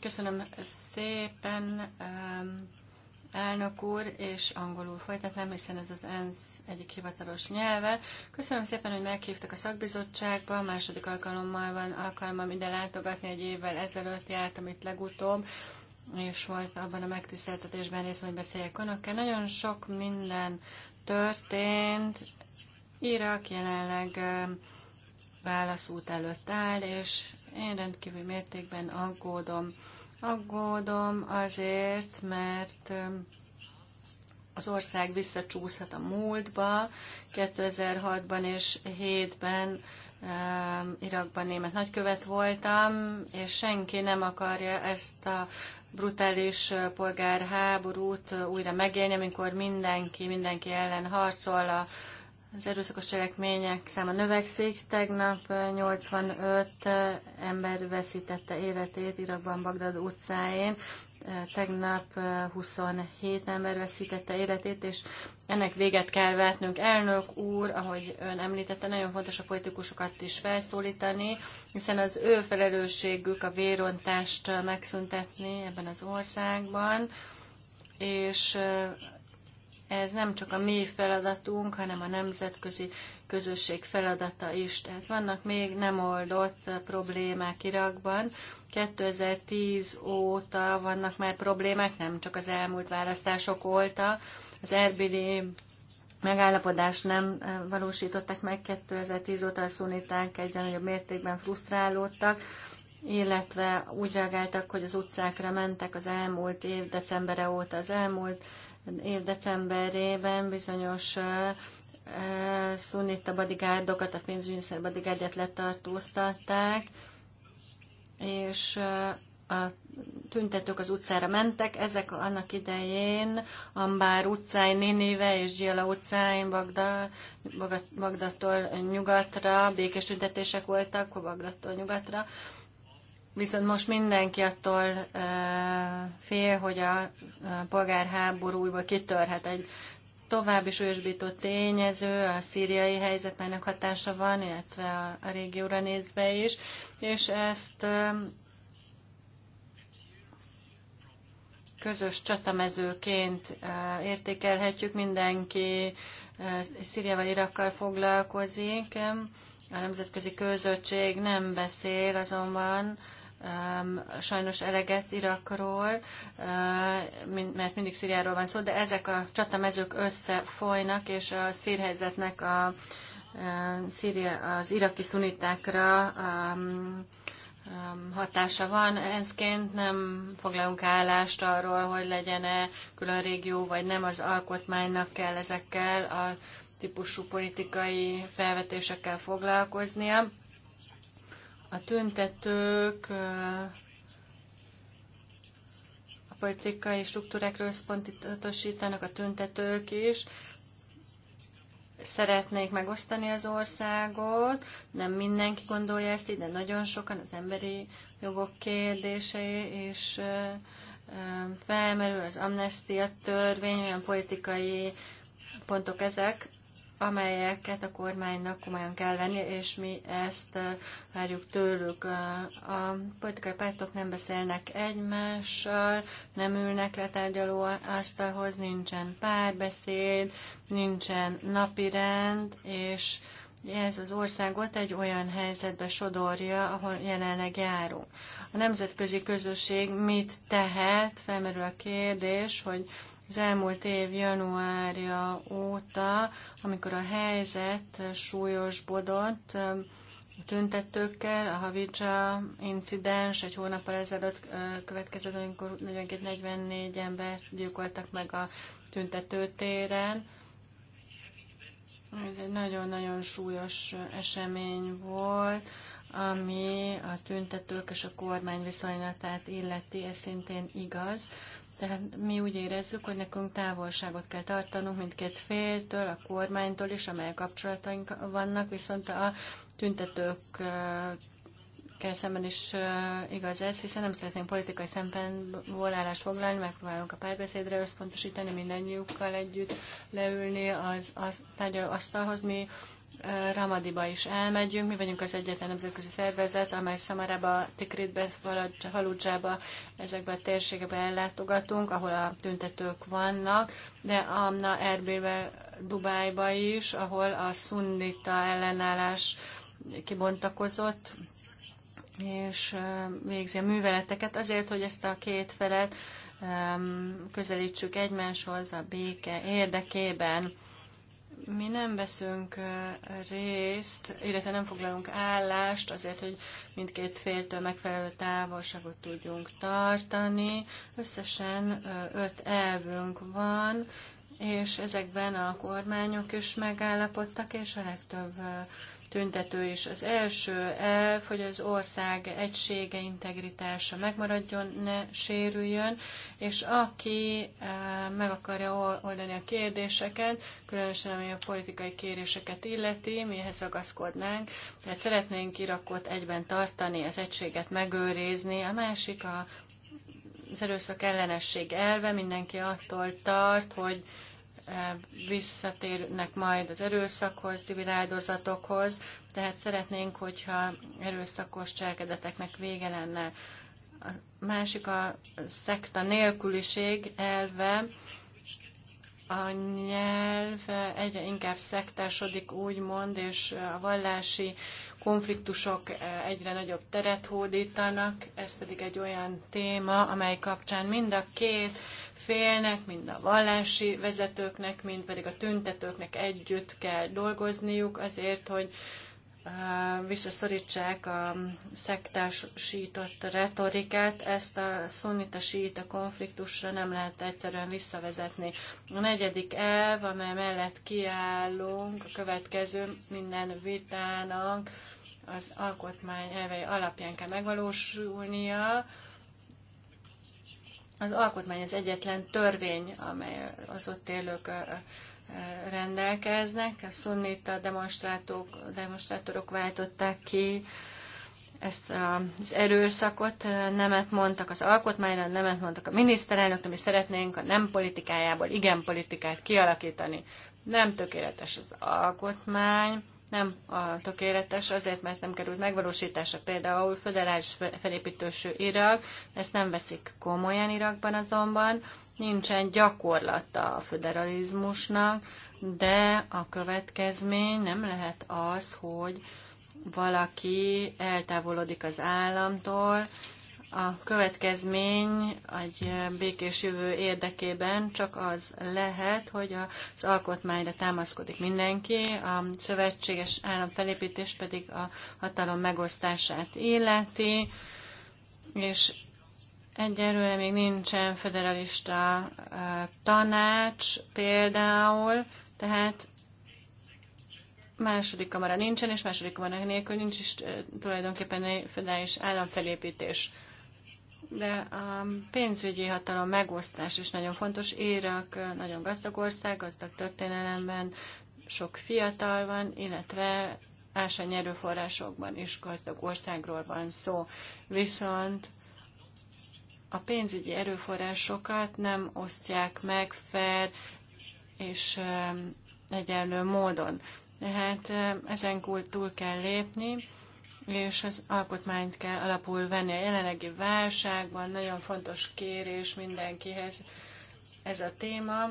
Köszönöm szépen. Ehm, elnök úr, és angolul folytatnám, hiszen ez az ENSZ egyik hivatalos nyelve. Köszönöm szépen, hogy meghívtak a szakbizottságba, második alkalommal van alkalmam ide látogatni, egy évvel ezelőtt jártam itt legutóbb, és volt abban a megtiszteltetésben részt, hogy beszéljek önökkel. Nagyon sok minden történt. Irak jelenleg válaszút előtt áll, és én rendkívül mértékben aggódom Aggódom azért, mert az ország visszacsúszhat a múltba. 2006-ban és 2007-ben Irakban német nagykövet voltam, és senki nem akarja ezt a brutális polgárháborút újra megélni, amikor mindenki mindenki ellen harcol a az erőszakos cselekmények száma növekszik. Tegnap 85 ember veszítette életét Irakban Bagdad utcáin. Tegnap 27 ember veszítette életét, és ennek véget kell vetnünk. Elnök úr, ahogy ön említette, nagyon fontos a politikusokat is felszólítani, hiszen az ő felelősségük a vérontást megszüntetni ebben az országban, és ez nem csak a mi feladatunk, hanem a nemzetközi közösség feladata is. Tehát vannak még nem oldott problémák Irakban. 2010 óta vannak már problémák, nem csak az elmúlt választások óta. Az erbili megállapodást nem eh, valósították meg 2010 óta a szuniták egyre nagyobb mértékben frusztrálódtak, illetve úgy reagáltak, hogy az utcákra mentek az elmúlt év decembere óta, az elmúlt év decemberében bizonyos szunnita bodigárdokat, a pénzügyminiszter bodigárdját letartóztatták, és a tüntetők az utcára mentek. Ezek annak idején Ambár utcáin, Ninive és Gyila utcáin, Bagda, Bagdattól nyugatra, békés tüntetések voltak, Bagdattól nyugatra. Viszont most mindenki attól fél, hogy a polgárháború újból kitörhet egy további súlyosbító tényező, a szíriai helyzet, melynek hatása van, illetve a, a régióra nézve is, és ezt közös csatamezőként értékelhetjük, mindenki Szíriával, Irakkal foglalkozik, a nemzetközi közösség nem beszél azonban sajnos eleget Irakról, mert mindig Szíriáról van szó, de ezek a csatamezők összefolynak, és a szírhelyzetnek a Szíria, az iraki szunitákra hatása van. Enszként nem foglalunk állást arról, hogy legyen-e külön régió, vagy nem az alkotmánynak kell ezekkel a típusú politikai felvetésekkel foglalkoznia a tüntetők a politikai struktúrákról összpontosítanak a tüntetők is, szeretnék megosztani az országot, nem mindenki gondolja ezt így, de nagyon sokan az emberi jogok kérdése és felmerül az amnestia törvény, olyan politikai pontok ezek, amelyeket a kormánynak komolyan kell venni, és mi ezt várjuk tőlük. A politikai pártok nem beszélnek egymással, nem ülnek le tárgyaló asztalhoz, nincsen párbeszéd, nincsen napirend, és ez az országot egy olyan helyzetbe sodorja, ahol jelenleg járunk. A nemzetközi közösség mit tehet? Felmerül a kérdés, hogy az elmúlt év januárja óta, amikor a helyzet súlyosbodott a tüntetőkkel, a Havicsa incidens egy hónappal ezelőtt következett, amikor 42-44 ember gyilkoltak meg a tüntetőtéren. Ez egy nagyon-nagyon súlyos esemény volt, ami a tüntetők és a kormány viszonylatát illeti, ez szintén igaz. Tehát mi úgy érezzük, hogy nekünk távolságot kell tartanunk mindkét féltől, a kormánytól is, amely kapcsolataink vannak, viszont a tüntetők kell szemben is igaz ez, hiszen nem szeretnénk politikai szempontból állást foglalni, megpróbálunk a párbeszédre összpontosítani, mindannyiukkal együtt leülni az, a tárgyaló asztalhoz. Mi Ramadiba is elmegyünk. Mi vagyunk az egyetlen nemzetközi szervezet, amely Szamarába, Tikritbe, Haludzsába, ezekbe a térségekbe ellátogatunk, ahol a tüntetők vannak, de Amna Erbilbe, Dubájba is, ahol a szunnita ellenállás kibontakozott, és végzi a műveleteket azért, hogy ezt a két felet közelítsük egymáshoz a béke érdekében mi nem veszünk részt, illetve nem foglalunk állást azért, hogy mindkét féltől megfelelő távolságot tudjunk tartani. Összesen öt elvünk van, és ezekben a kormányok is megállapodtak, és a legtöbb tüntető is. Az első elv, hogy az ország egysége, integritása megmaradjon, ne sérüljön, és aki eh, meg akarja oldani a kérdéseket, különösen ami a politikai kéréseket illeti, mihez ragaszkodnánk, tehát szeretnénk Irakot egyben tartani, az egységet megőrizni, a másik a az erőszak ellenesség elve, mindenki attól tart, hogy visszatérnek majd az erőszakhoz, civil áldozatokhoz, tehát szeretnénk, hogyha erőszakos cselekedeteknek vége lenne. A másik a szekta nélküliség elve, a nyelv egyre inkább szektásodik, úgymond, és a vallási konfliktusok egyre nagyobb teret hódítanak, ez pedig egy olyan téma, amely kapcsán mind a két félnek, mind a vallási vezetőknek, mind pedig a tüntetőknek együtt kell dolgozniuk azért, hogy visszaszorítsák a szektársított retorikát, ezt a szunnita a konfliktusra nem lehet egyszerűen visszavezetni. A negyedik elv, amely mellett kiállunk, a következő minden vitának az alkotmány elvei alapján kell megvalósulnia, az alkotmány az egyetlen törvény, amely az ott élők rendelkeznek. A szunnita demonstrátorok váltották ki ezt az erőszakot, nemet mondtak az alkotmányra, nemet mondtak a miniszterelnöknek, mi szeretnénk a nem politikájából igen politikát kialakítani. Nem tökéletes az alkotmány, nem a tökéletes, azért, mert nem került megvalósítása. Például föderális felépítősű Irak, ezt nem veszik komolyan Irakban azonban, nincsen gyakorlata a föderalizmusnak, de a következmény nem lehet az, hogy valaki eltávolodik az államtól, a következmény egy békés jövő érdekében csak az lehet, hogy az alkotmányra támaszkodik mindenki, a szövetséges állam felépítés pedig a hatalom megosztását illeti, és egyelőre még nincsen federalista tanács például, tehát második kamara nincsen, és második kamara nélkül nincs is tulajdonképpen egy federális államfelépítés de a pénzügyi hatalom megosztás is nagyon fontos. Érak nagyon gazdag ország, gazdag történelemben sok fiatal van, illetve ásányi erőforrásokban is gazdag országról van szó. Viszont a pénzügyi erőforrásokat nem osztják meg fel és egyenlő módon. Tehát ezen túl kell lépni, és az alkotmányt kell alapul venni. A jelenlegi válságban nagyon fontos kérés mindenkihez ez a téma,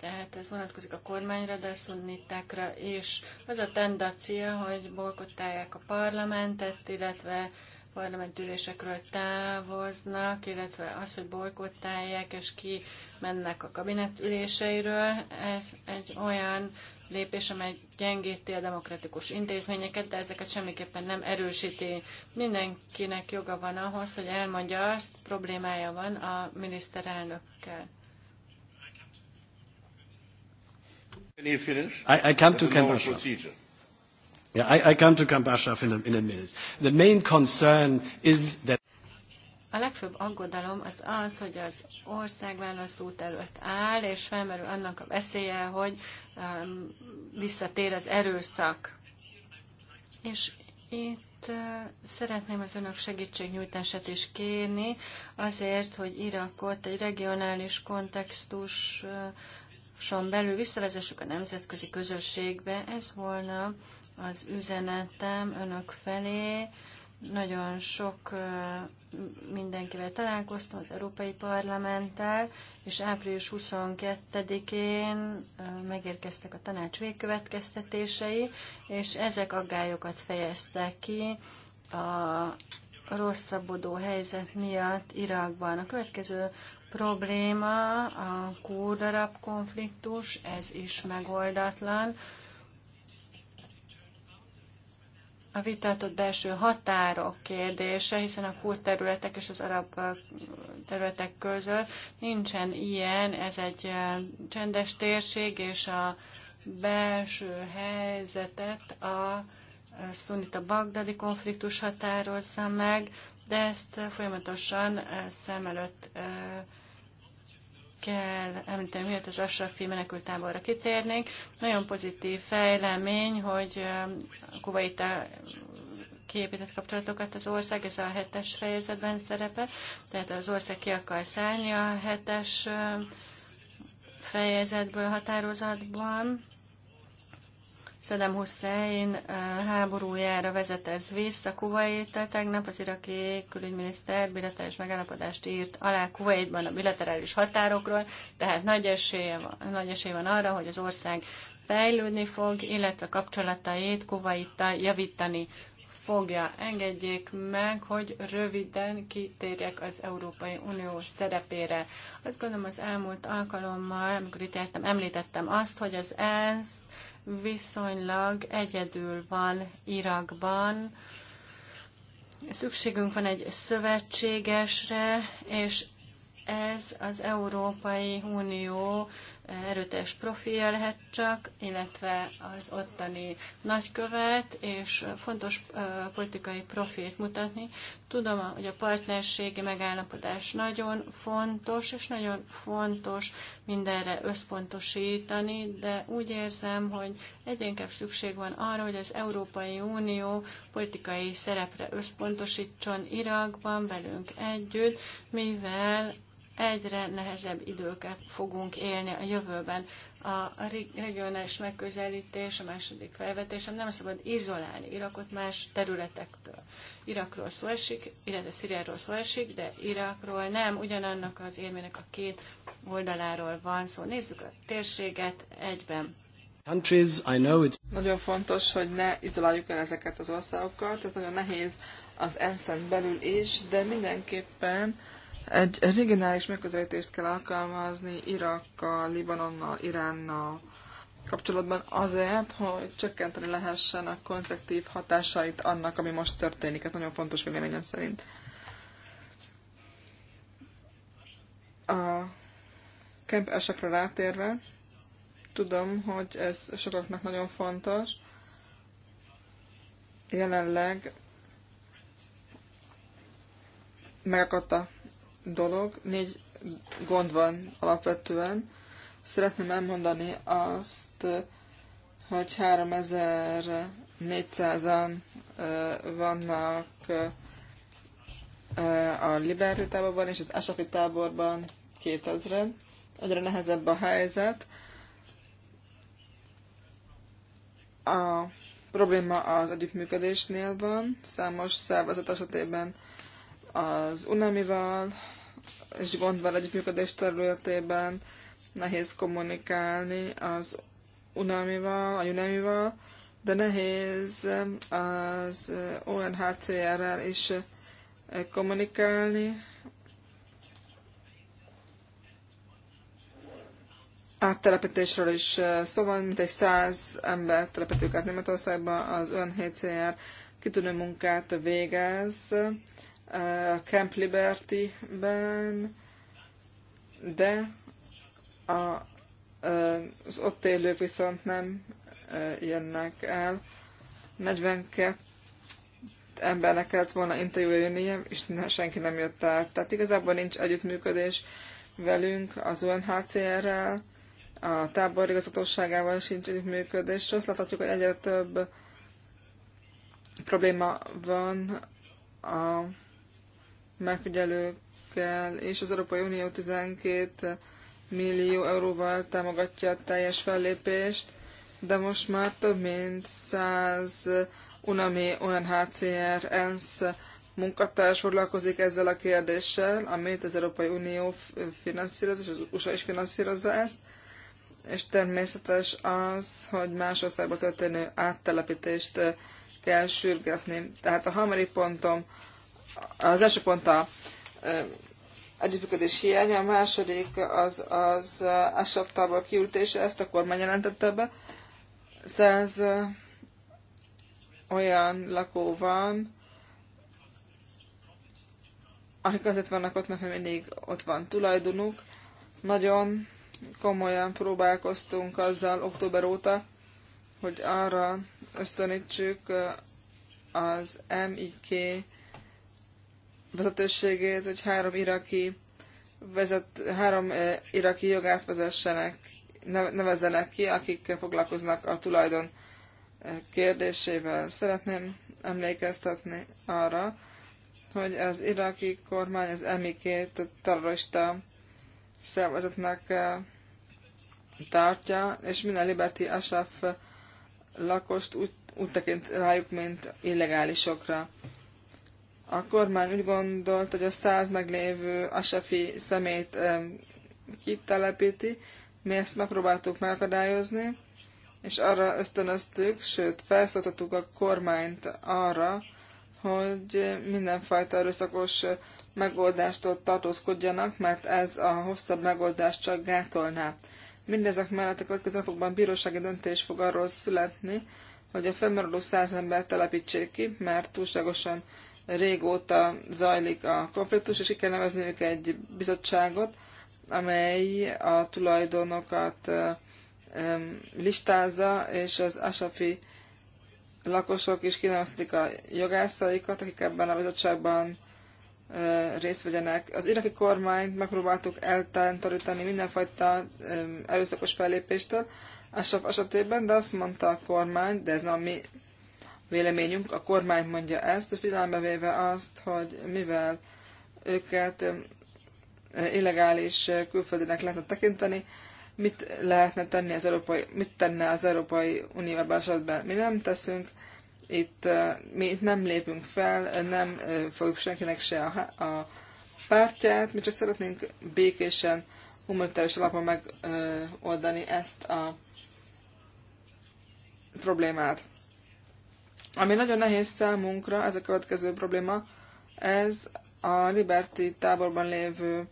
tehát ez vonatkozik a kormányra, de a szunnitákra is. Az a tendencia, hogy bolkottálják a parlamentet, illetve parlamentülésekről távoznak, illetve az, hogy bolykottálják és ki mennek a kabinetüléseiről, ez egy olyan lépés, amely gyengíti a demokratikus intézményeket, de ezeket semmiképpen nem erősíti. Mindenkinek joga van ahhoz, hogy elmondja azt, problémája van a miniszterelnökkel. Can you finish? I, I come to Cambodia. Yeah, I, I come to Kambashav in a, in a minute. The main concern is that a legfőbb aggodalom az az, hogy az országválasz út előtt áll, és felmerül annak a veszélye, hogy um, visszatér az erőszak. És itt uh, szeretném az önök segítségnyújtását is kérni, azért, hogy Irakot egy regionális kontextus uh, son belül visszavezessük a nemzetközi közösségbe. Ez volna az üzenetem önök felé. Nagyon sok mindenkivel találkoztam az Európai Parlamenttel, és április 22-én megérkeztek a tanács végkövetkeztetései, és ezek aggályokat fejeztek ki a rosszabbodó helyzet miatt Irakban. A következő probléma a kúrdarab konfliktus, ez is megoldatlan. a vitatott belső határok kérdése, hiszen a kurd területek és az arab területek között nincsen ilyen, ez egy csendes térség, és a belső helyzetet a szunita bagdadi konfliktus határozza meg, de ezt folyamatosan szem előtt kell említeni, miért az Asrafi menekültáborra kitérnénk. Nagyon pozitív fejlemény, hogy um, Kuwaita kiépített kapcsolatokat az ország, ez a hetes fejezetben szerepel, tehát az ország ki akar szállni a hetes um, fejezetből, a határozatban. Saddam Hussein eh, háborújára vezet ez vissza. Kuwait tegnap az iraki külügyminiszter bilaterális megállapodást írt alá Kuwaitban a bilaterális határokról, tehát nagy esély, van, nagy esély van arra, hogy az ország fejlődni fog, illetve kapcsolatait Kuwaittal javítani fogja. Engedjék meg, hogy röviden kitérjek az Európai Unió szerepére. Azt gondolom az elmúlt alkalommal, amikor itt értem, említettem azt, hogy az ENSZ viszonylag egyedül van Irakban. Szükségünk van egy szövetségesre, és ez az Európai Unió erőteljes profilja lehet csak, illetve az ottani nagykövet, és fontos politikai profilt mutatni. Tudom, hogy a partnerségi megállapodás nagyon fontos, és nagyon fontos mindenre összpontosítani, de úgy érzem, hogy egyre szükség van arra, hogy az Európai Unió politikai szerepre összpontosítson Irakban velünk együtt, mivel egyre nehezebb időket fogunk élni a jövőben. A regionális megközelítés, a második felvetésem nem szabad izolálni Irakot más területektől. Irakról szó esik, illetve Szíriáról szó esik, de Irakról nem, ugyanannak az érmének a két oldaláról van szó. Szóval nézzük a térséget egyben. Nagyon fontos, hogy ne izoláljuk el ezeket az országokat, ez nagyon nehéz az ensz belül is, de mindenképpen egy regionális megközelítést kell alkalmazni Irakkal, Libanonnal, Iránnal kapcsolatban azért, hogy csökkenteni lehessen a konzektív hatásait annak, ami most történik. Ez nagyon fontos véleményem szerint. A Kemp Esekre rátérve, tudom, hogy ez sokaknak nagyon fontos. Jelenleg megakadt a dolog. Négy gond van alapvetően. Szeretném elmondani azt, hogy 3400-an vannak a Liberty táborban és az Asafi táborban 2000-en. Egyre nehezebb a helyzet. A probléma az együttműködésnél van, számos szervezet esetében az unamival, és gond van együttműködés területében, nehéz kommunikálni az unalmival, a unalmival, de nehéz az ONHCR-rel is kommunikálni. Áttelepítésről is szó van, egy száz ember telepítők át Németországba, az UNHCR kitűnő munkát végez a Camp Liberty-ben, de a, az ott élő viszont nem jönnek el. 42 embernek kellett volna interjúra jönnie, és senki nem jött el. Tehát igazából nincs együttműködés velünk az UNHCR-rel, a tábor igazgatóságával sincs együttműködés, és azt láthatjuk, hogy egyre több probléma van a megfigyelőkkel, és az Európai Unió 12 millió euróval támogatja a teljes fellépést, de most már több mint 100 UNAMI, UNHCR, ENSZ munkatárs foglalkozik ezzel a kérdéssel, amit az Európai Unió finanszíroz, és az USA is finanszírozza ezt, és természetes az, hogy más országba történő áttelepítést kell sürgetni. Tehát a hamari pontom az első pont a együttműködés hiánya, a második az, az Assad kiültése, ezt a kormány jelentette be. Száz olyan lakó van, akik azért vannak ott, mert mindig ott van tulajdonuk. Nagyon komolyan próbálkoztunk azzal október óta, hogy arra ösztönítsük az MIK vezetőségét, hogy három iraki, vezet, három eh, iraki jogász vezessenek, nevezzenek ki, akik foglalkoznak a tulajdon eh, kérdésével. Szeretném emlékeztetni arra, hogy az iraki kormány az emikét terrorista szervezetnek eh, tartja, és minden Liberty Asaf lakost úgy, úgy tekint rájuk, mint illegálisokra a kormány úgy gondolt, hogy a száz meglévő asafi szemét kitelepíti, mi ezt megpróbáltuk megakadályozni, és arra ösztönöztük, sőt felszólítottuk a kormányt arra, hogy mindenfajta erőszakos megoldástól tartózkodjanak, mert ez a hosszabb megoldást csak gátolná. Mindezek mellett a következő napokban bírósági döntés fog arról születni, hogy a fennmaradó száz ember telepítsék ki, mert túlságosan régóta zajlik a konfliktus, és ki kell ők egy bizottságot, amely a tulajdonokat listázza, és az Asafi lakosok is kinevezték a jogászaikat, akik ebben a bizottságban részt vegyenek. Az iraki kormányt megpróbáltuk eltántorítani mindenfajta erőszakos fellépéstől Asaf esetében, de azt mondta a kormány, de ez nem a mi véleményünk. A kormány mondja ezt, figyelembe véve azt, hogy mivel őket illegális külföldinek lehetne tekinteni, mit lehetne tenni az Európai, mit tenne az Európai Unió ebben esetben. Mi nem teszünk, itt mi itt nem lépünk fel, nem fogjuk senkinek se a, a pártját, mi csak szeretnénk békésen, humanitárius alapon megoldani ezt a problémát. Ami nagyon nehéz számunkra, ez a következő probléma, ez a Liberty táborban lévő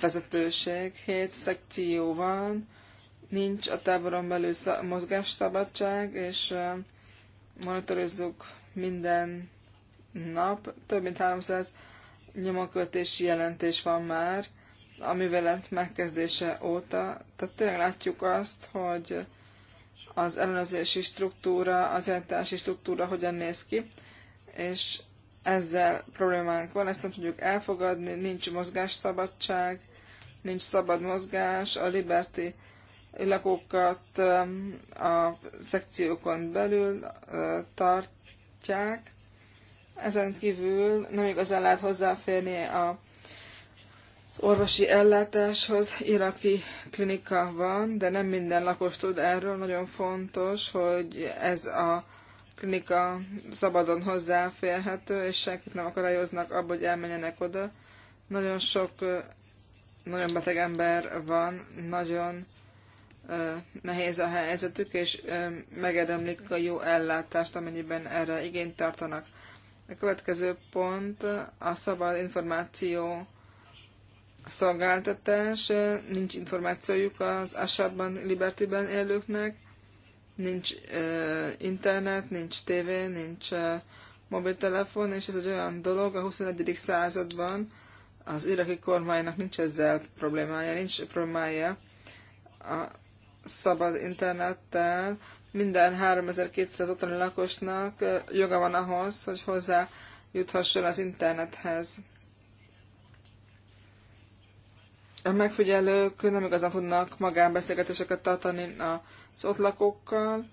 vezetőség, hét szekció van, nincs a táboron belül mozgásszabadság, és monitorozzuk minden nap. Több mint 300 nyomokötési jelentés van már a művelet megkezdése óta. Tehát tényleg látjuk azt, hogy az ellenőrzési struktúra, az irányítási struktúra hogyan néz ki, és ezzel problémánk van, ezt nem tudjuk elfogadni, nincs mozgásszabadság, nincs szabad mozgás, a liberti lakókat a szekciókon belül tartják, ezen kívül nem igazán lehet hozzáférni a orvosi ellátáshoz iraki klinika van, de nem minden lakos tud erről. Nagyon fontos, hogy ez a klinika szabadon hozzáférhető, és senkit nem akarályoznak abba, hogy elmenjenek oda. Nagyon sok nagyon beteg ember van, nagyon nehéz a helyzetük, és megérdemlik a jó ellátást, amennyiben erre igényt tartanak. A következő pont a szabad információ szolgáltatás, nincs információjuk az Asában, Libertyben élőknek, nincs uh, internet, nincs tévé, nincs uh, mobiltelefon, és ez egy olyan dolog a 21. században, az iraki kormánynak nincs ezzel problémája, nincs problémája a szabad internettel. Minden 3200 otthoni lakosnak joga van ahhoz, hogy hozzá juthasson az internethez. a megfigyelők nem igazán tudnak magánbeszélgetéseket tartani az ott lakókkal.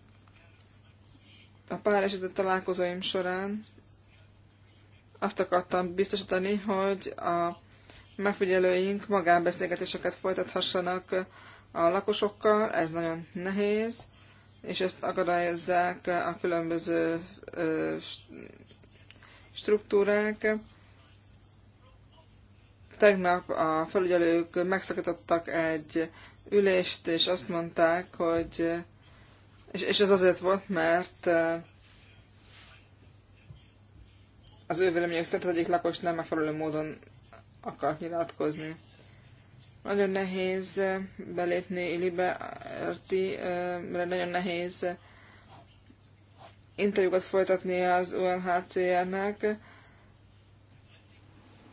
A pár esetet találkozóim során azt akartam biztosítani, hogy a megfigyelőink magánbeszélgetéseket folytathassanak a lakosokkal, ez nagyon nehéz, és ezt akadályozzák a különböző struktúrák. Tegnap a felügyelők megszakítottak egy ülést, és azt mondták, hogy és, és ez azért volt, mert eh, az ő véleményük szerint az egyik lakos nem megfelelő módon akar nyilatkozni. Nagyon nehéz eh, belépni érti, eh, mert nagyon nehéz interjúkat folytatni az UNHCR-nek.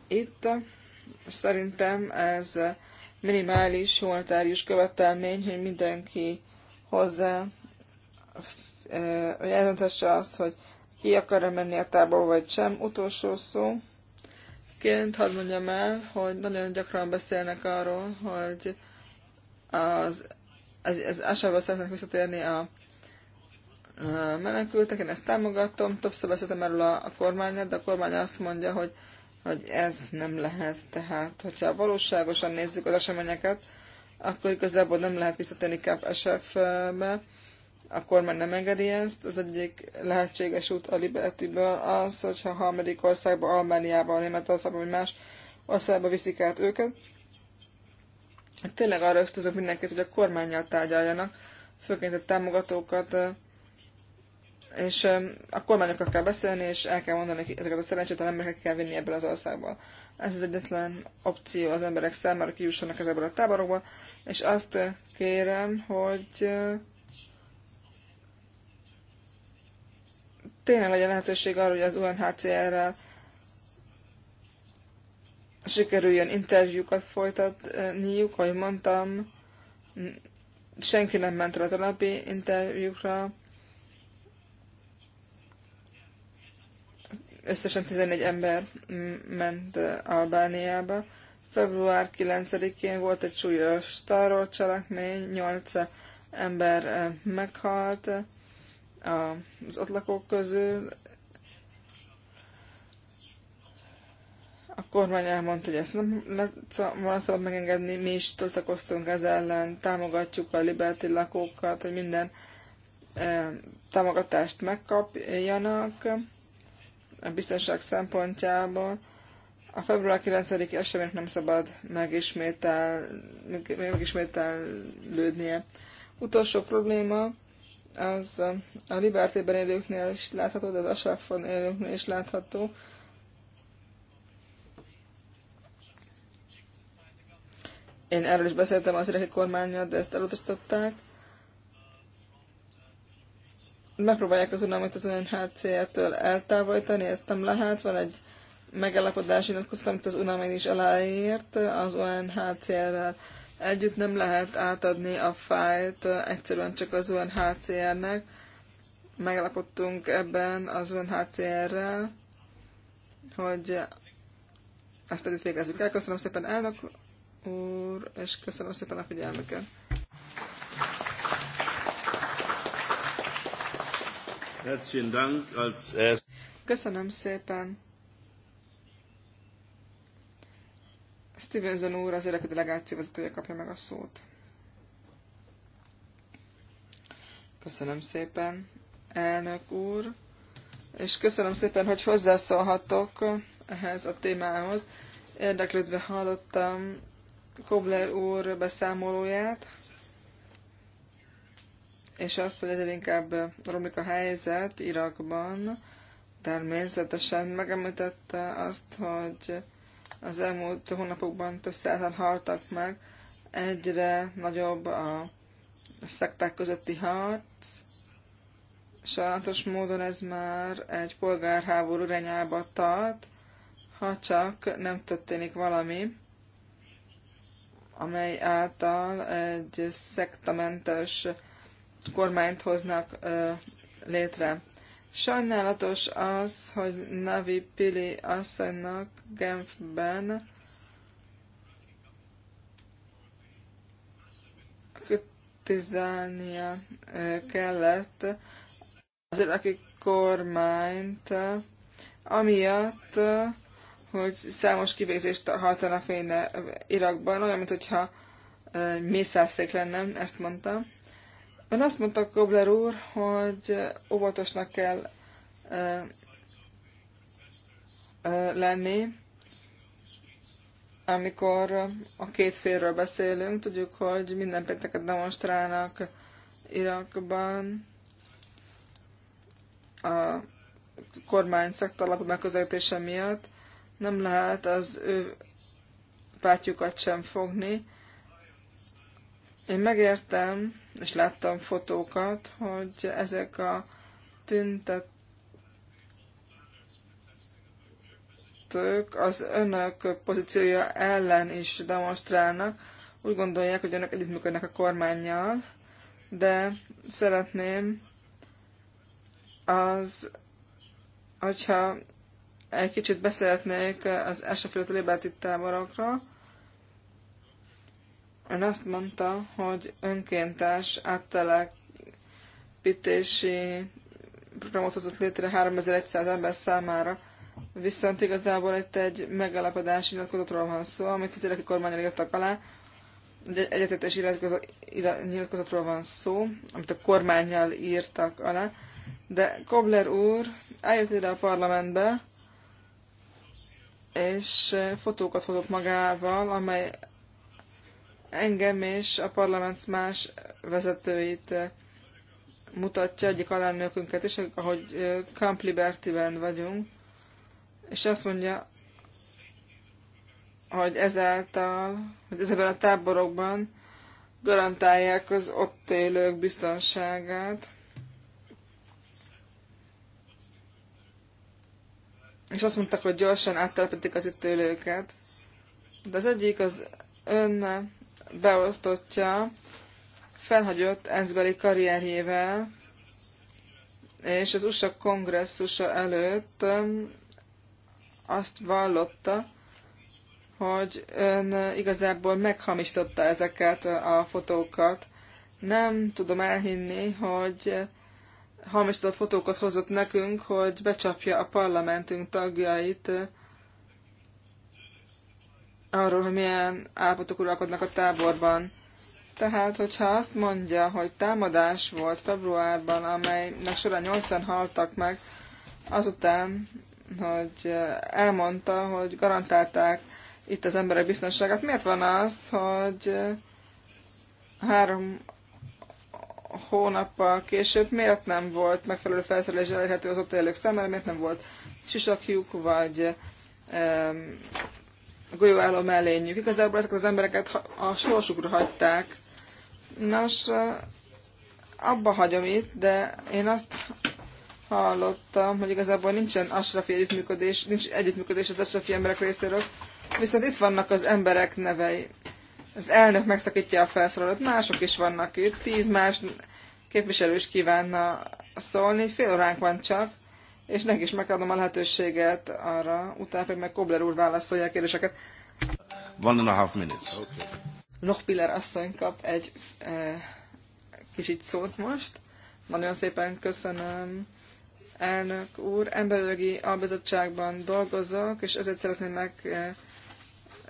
Itt Szerintem ez minimális humanitárius követelmény, hogy mindenki hozzá, hogy elmondhassa azt, hogy ki akar-e menni a táborba, vagy sem. Utolsó szó. Ként hadd mondjam el, hogy nagyon gyakran beszélnek arról, hogy az, az ásába szeretnek visszatérni a menekültek, én ezt támogatom, többször beszéltem erről a, a kormányát, de a kormány azt mondja, hogy hogy ez nem lehet. Tehát, hogyha valóságosan nézzük az eseményeket, akkor igazából nem lehet visszatérni KAP SF-be, a kormány nem engedi ezt. Az egyik lehetséges út a liberty az, hogyha harmadik országba, Almániába, Németországba vagy más országba viszik át őket. Tényleg arra ösztözök mindenkit, hogy a kormányjal tárgyaljanak, főként a támogatókat és a kormányokkal kell beszélni, és el kell mondani, hogy ezeket a szerencsétlen embereket kell vinni ebből az országból. Ez az egyetlen opció az emberek számára, kijussanak ezekből a táborokból, és azt kérem, hogy tényleg legyen lehetőség arra, hogy az UNHCR-rel sikerüljön interjúkat folytatniuk, ahogy mondtam, senki nem ment rá a további interjúkra, összesen 11 ember ment Albániába. Február 9-én volt egy súlyos tárolcselekmény, 8 ember meghalt az ott lakók közül. A kormány elmondta, hogy ezt nem volna szabad megengedni, mi is tiltakoztunk ez ellen, támogatjuk a liberti lakókat, hogy minden támogatást megkapjanak a biztonság szempontjából. A február 9-i események nem szabad megismétel, megismételődnie. Utolsó probléma az a Libertében élőknél is látható, de az Asafon élőknél is látható. Én erről is beszéltem az iraki kormányjal, de ezt elutasították megpróbálják az unalmat az UNHCR-től eltávolítani, ezt nem lehet, van egy megállapodás nyilatkozat, amit az UNAMIN is aláért, az UNHCR-rel együtt nem lehet átadni a fájlt egyszerűen csak az UNHCR-nek. Megállapodtunk ebben az UNHCR-rel, hogy ezt együtt végezzük el. Köszönöm szépen elnök úr, és köszönöm szépen a figyelmüket. Köszönöm szépen. Stevenson úr az élek delegáció vezetője kapja meg a szót. Köszönöm szépen, elnök úr, és köszönöm szépen, hogy hozzászólhatok ehhez a témához. Érdeklődve hallottam Kobler úr beszámolóját, és azt hogy ezért inkább romlik a helyzet Irakban, természetesen megemlítette azt, hogy az elmúlt hónapokban több százan haltak meg, egyre nagyobb a szekták közötti harc, sajnálatos módon ez már egy polgárháború irányába tart, ha csak nem történik valami, amely által egy szektamentes kormányt hoznak létre. Sajnálatos az, hogy Navi Pili asszonynak Genfben kritizálnia kellett az iraki kormányt, amiatt, hogy számos kivégzést hajtanak fényre Irakban, olyan, mintha mészárszék lenne, ezt mondtam. Ön azt mondta, Kobler úr, hogy óvatosnak kell ö, ö, lenni, amikor a két félről beszélünk. Tudjuk, hogy minden pénteket demonstrálnak Irakban. A kormány szektalapú megközelítése miatt nem lehet az ő pártjukat sem fogni. Én megértem, és láttam fotókat, hogy ezek a tüntetők az önök pozíciója ellen is demonstrálnak. Úgy gondolják, hogy önök együttműködnek a kormányjal, de szeretném az, hogyha egy kicsit beszélhetnék az első Liberty táborokról, Ön azt mondta, hogy önkéntes áttelepítési programot hozott létre 3100 ember számára, viszont igazából itt egy megalapodás nyilatkozatról van szó, amit az iraki kormányra írtak alá. Egy egyetetes nyilatkozatról van szó, amit a kormányjal írtak alá. De Kobler úr eljött ide a parlamentbe, és fotókat hozott magával, amely engem és a parlament más vezetőit eh, mutatja, egyik alelnökünket is, ahogy eh, Camp liberty vagyunk, és azt mondja, hogy ezáltal, hogy ezekben a táborokban garantálják az ott élők biztonságát. És azt mondták, hogy gyorsan áttelepítik az itt élőket. De az egyik az ön beosztottja felhagyott ezbeli karrierjével, és az USA kongresszusa előtt um, azt vallotta, hogy ön igazából meghamisította ezeket a fotókat. Nem tudom elhinni, hogy hamisított fotókat hozott nekünk, hogy becsapja a parlamentünk tagjait arról, hogy milyen állapotok uralkodnak a táborban. Tehát, hogyha azt mondja, hogy támadás volt februárban, amelynek során 80 haltak meg, azután, hogy elmondta, hogy garantálták itt az emberek biztonságát, miért van az, hogy három hónappal később miért nem volt megfelelő felszerelés elérhető az ott élők számára, miért nem volt sisakjuk, vagy a golyóálló mellényük. Igazából ezek az embereket a sorsukra hagyták. Nos, abba hagyom itt, de én azt hallottam, hogy igazából nincsen asrafi együttműködés, nincs együttműködés az asrafi emberek részéről, viszont itt vannak az emberek nevei. Az elnök megszakítja a felszólalót, mások is vannak itt, tíz más képviselő is kívánna szólni, fél óránk van csak és neki is megadom a lehetőséget arra, utána pedig meg Kobler úr válaszolja a kérdéseket. One and a half minutes. Okay. Lochpiller asszony kap egy e, kicsit szót most. Nagyon szépen köszönöm, elnök úr. Emberjogi albizottságban dolgozok, és ezért szeretném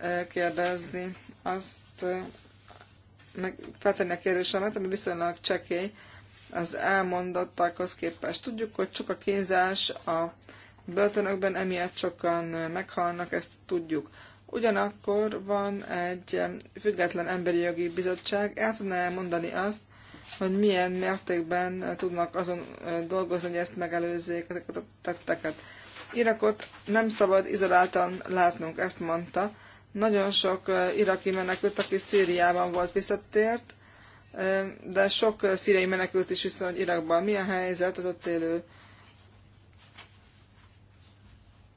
megkérdezni eh, eh, azt, meg feltenni a kérdésemet, ami viszonylag csekély az elmondottakhoz képest. Tudjuk, hogy csak a kínzás a börtönökben, emiatt sokan meghalnak, ezt tudjuk. Ugyanakkor van egy független emberi jogi bizottság, el tudná elmondani azt, hogy milyen mértékben tudnak azon dolgozni, hogy ezt megelőzzék, ezeket a tetteket. Irakot nem szabad izoláltan látnunk, ezt mondta. Nagyon sok iraki menekült, aki Szíriában volt, visszatért, de sok szíriai menekült is viszont Irakban. Mi a helyzet az ott élő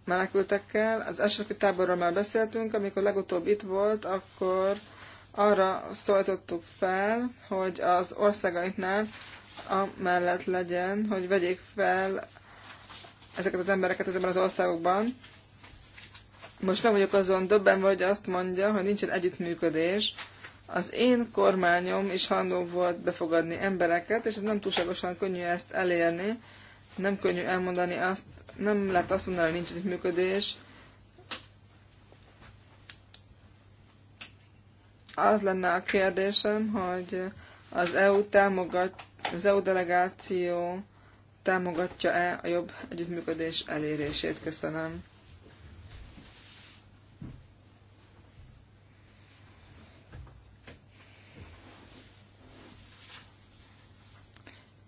menekültekkel? Az esetleg táborról már beszéltünk, amikor legutóbb itt volt, akkor arra szóltottuk fel, hogy az országainknál amellett legyen, hogy vegyék fel ezeket az embereket ezekben az országokban. Most nem vagyok azon döbben, hogy azt mondja, hogy nincsen együttműködés az én kormányom is hajlandó volt befogadni embereket, és ez nem túlságosan könnyű ezt elérni, nem könnyű elmondani azt, nem lehet azt mondani, hogy nincs működés. Az lenne a kérdésem, hogy az EU támogat, az EU delegáció támogatja-e a jobb együttműködés elérését? Köszönöm.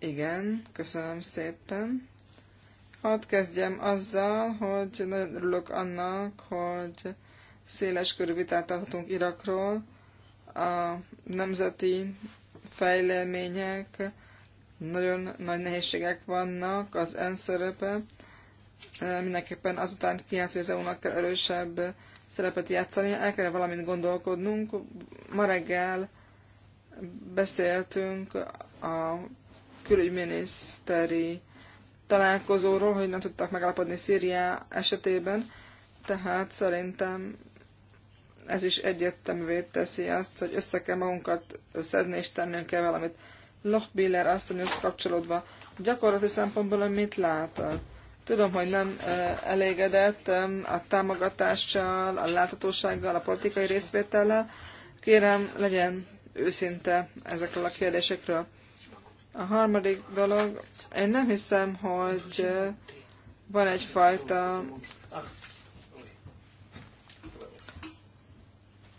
Igen, köszönöm szépen. Hadd kezdjem azzal, hogy nagyon örülök annak, hogy széles körű vitát adhatunk Irakról. A nemzeti fejlemények nagyon nagy nehézségek vannak, az ENSZ szerepe. Mindenképpen azután kiállt, hogy az EU-nak kell erősebb szerepet játszani, el kell valamint gondolkodnunk. Ma reggel beszéltünk a külügyminiszteri találkozóról, hogy nem tudtak megállapodni Szíriá esetében, tehát szerintem ez is egyértelművé teszi azt, hogy össze kell magunkat szedni és tennünk kell valamit. Lochbiller asszonyhoz kapcsolódva, gyakorlati szempontból mit lát? Tudom, hogy nem elégedett a támogatással, a láthatósággal, a politikai részvétellel. Kérem, legyen őszinte ezekről a kérdésekről. A harmadik dolog, én nem hiszem, hogy van egyfajta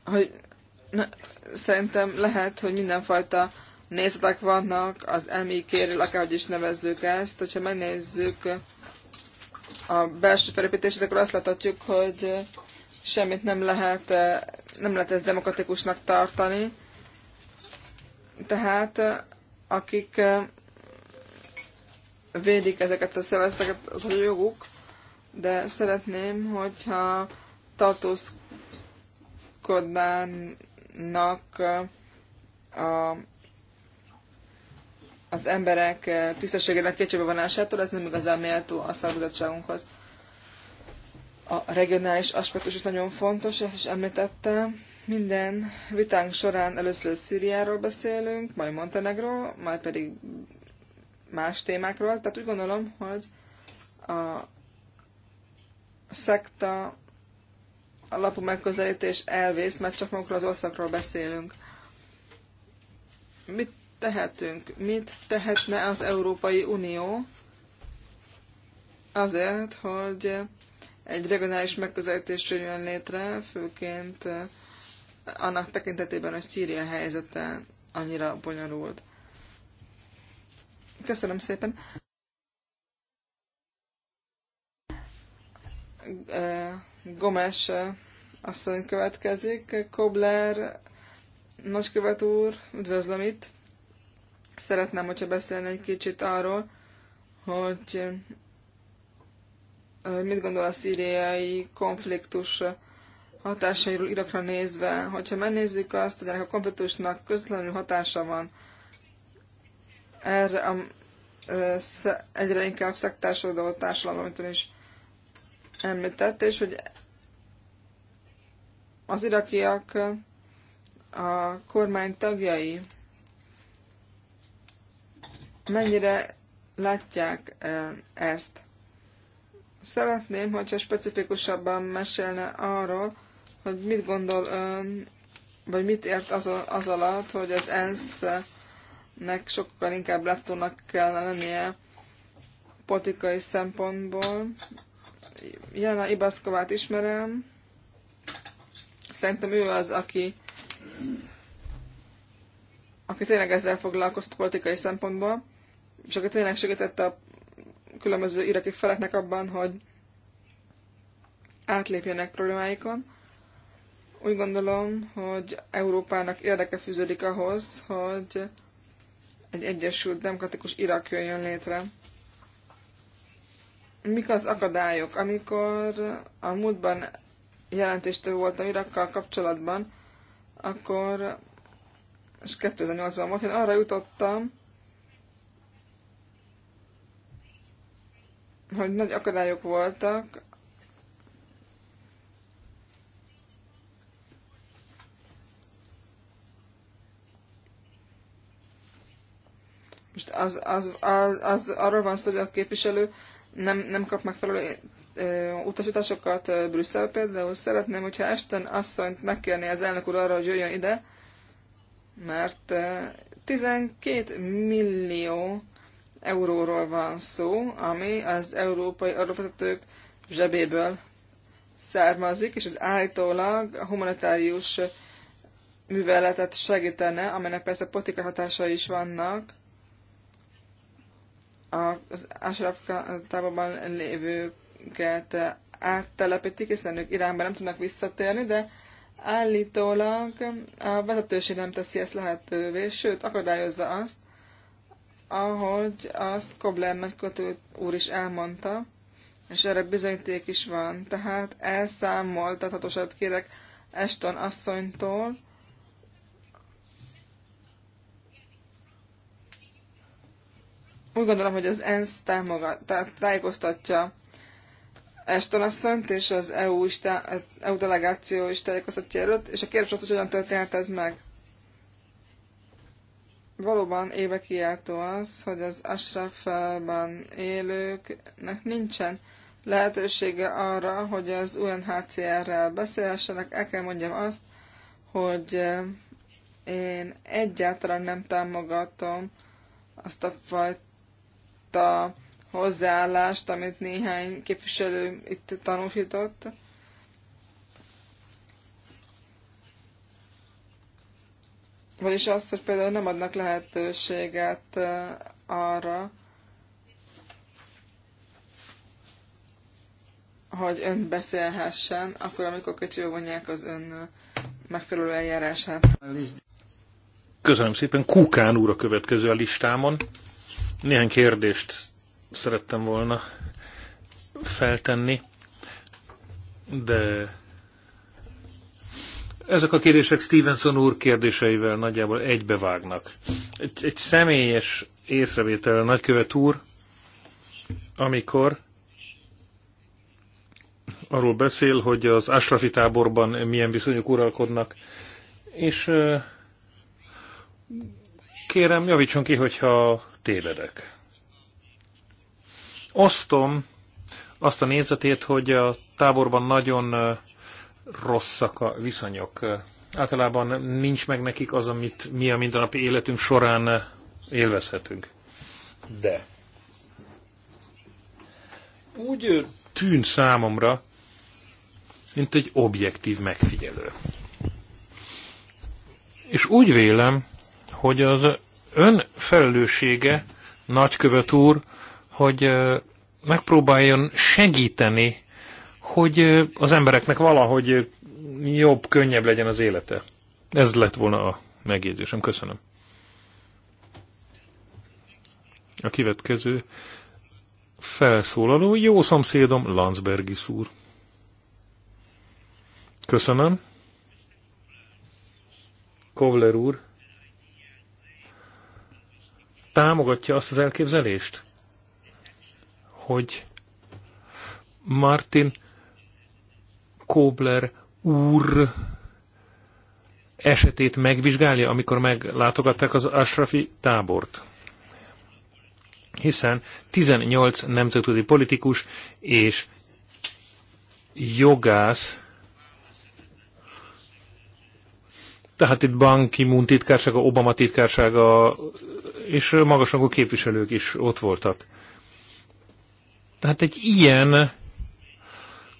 hogy na, szerintem lehet, hogy mindenfajta nézetek vannak az MIK-ről, akárhogy is nevezzük ezt. Hogyha megnézzük a belső felépítését, akkor azt láthatjuk, hogy semmit nem lehet, nem lehet ezt demokratikusnak tartani. Tehát akik védik ezeket a szervezeteket, az a joguk, de szeretném, hogyha tartózkodnának a, az emberek tisztességének vonásától, ez nem igazán méltó a szakbizottságunkhoz. A regionális aspektus is nagyon fontos, ezt is említettem. Minden vitánk során először Szíriáról beszélünk, majd Montenegról, majd pedig más témákról. Tehát úgy gondolom, hogy a szekta alapú megközelítés elvész, mert csak magukról az országról beszélünk. Mit tehetünk? Mit tehetne az Európai Unió azért, hogy egy regionális megközelítés jön létre, főként annak tekintetében, hogy Szíria helyzete annyira bonyolult. Köszönöm szépen. Gomes asszony következik. Kobler, nagykövet úr, üdvözlöm itt. Szeretném, hogyha beszélni egy kicsit arról, hogy mit gondol a szíriai konfliktus hatásairól Irakra nézve. Hogyha megnézzük azt, hogy ennek a konfliktusnak közvetlenül hatása van erre a egyre inkább szektársadó társadalom, amit ön is említett, és hogy az irakiak a kormány tagjai mennyire látják ezt. Szeretném, hogyha specifikusabban mesélne arról, hogy mit gondol ön, vagy mit ért az, a, az alatt, hogy az ENSZ-nek sokkal inkább láthatónak kell lennie politikai szempontból. Jana Ibaszkovát ismerem. Szerintem ő az, aki aki tényleg ezzel foglalkozott politikai szempontból, és aki tényleg segítette a különböző iraki feleknek abban, hogy átlépjenek problémáikon. Úgy gondolom, hogy Európának érdeke fűződik ahhoz, hogy egy egyesült demokratikus Irak jöjjön létre. Mik az akadályok? Amikor a múltban jelentéstől voltam Irakkal kapcsolatban, akkor, és 2008-ban volt, én arra jutottam, hogy nagy akadályok voltak Most az, az, az, az arról van szó, hogy a képviselő nem, nem kap megfelelő utasításokat Brüsszel például. Szeretném, hogyha Esten asszonyt megkérni az elnök úr arra, hogy jöjjön ide, mert 12 millió euróról van szó, ami az európai adófizetők zsebéből származik, és az állítólag a humanitárius műveletet segítene, amelynek persze politikai hatásai is vannak, az Ashraf távolban lévőket áttelepítik, hiszen ők Iránba nem tudnak visszatérni, de állítólag a vezetőség nem teszi ezt lehetővé, sőt, akadályozza azt, ahogy azt Kobler nagykötő úr is elmondta, és erre bizonyíték is van. Tehát elszámoltathatóságot kérek Eston asszonytól, Úgy gondolom, hogy az ENSZ támogat, tájékoztatja Ashton asszonyt, és az EU, is tá, EU delegáció is tájékoztatja erőt, és a kérdés az, hogy hogyan történhet ez meg. Valóban éve kiáltó az, hogy az Ashrafban élőknek nincsen lehetősége arra, hogy az UNHCR-rel beszélhessenek. El kell mondjam azt, hogy eh, én egyáltalán nem támogatom azt a fajta azt a hozzáállást, amit néhány képviselő itt tanúsított. Vagyis azt, hogy például nem adnak lehetőséget eh, arra, hogy ön beszélhessen, akkor amikor kicsibe vonják az ön eh, megfelelő eljárását. Köszönöm szépen. Kukán úr a következő a listámon. Néhány kérdést szerettem volna feltenni, de ezek a kérdések Stevenson úr kérdéseivel nagyjából egybevágnak. Egy, egy személyes észrevétel nagykövet úr, amikor arról beszél, hogy az Ashrafi táborban milyen viszonyok uralkodnak, és Kérem, javítson ki, hogyha tévedek. Osztom azt a nézetét, hogy a táborban nagyon rosszak a viszonyok. Általában nincs meg nekik az, amit mi a mindennapi életünk során élvezhetünk. De úgy tűn számomra, mint egy objektív megfigyelő. És úgy vélem, hogy az ön felelőssége, nagykövet úr, hogy megpróbáljon segíteni, hogy az embereknek valahogy jobb, könnyebb legyen az élete. Ez lett volna a megjegyzésem. Köszönöm. A következő felszólaló jó szomszédom Landsbergi úr. Köszönöm. Kovler úr támogatja azt az elképzelést, hogy Martin Kobler úr esetét megvizsgálja, amikor meglátogatták az Ashrafi tábort. Hiszen 18 nemzetközi politikus és jogász Tehát itt Ban Ki-moon titkársága, Obama titkársága és magasrangú képviselők is ott voltak. Tehát egy ilyen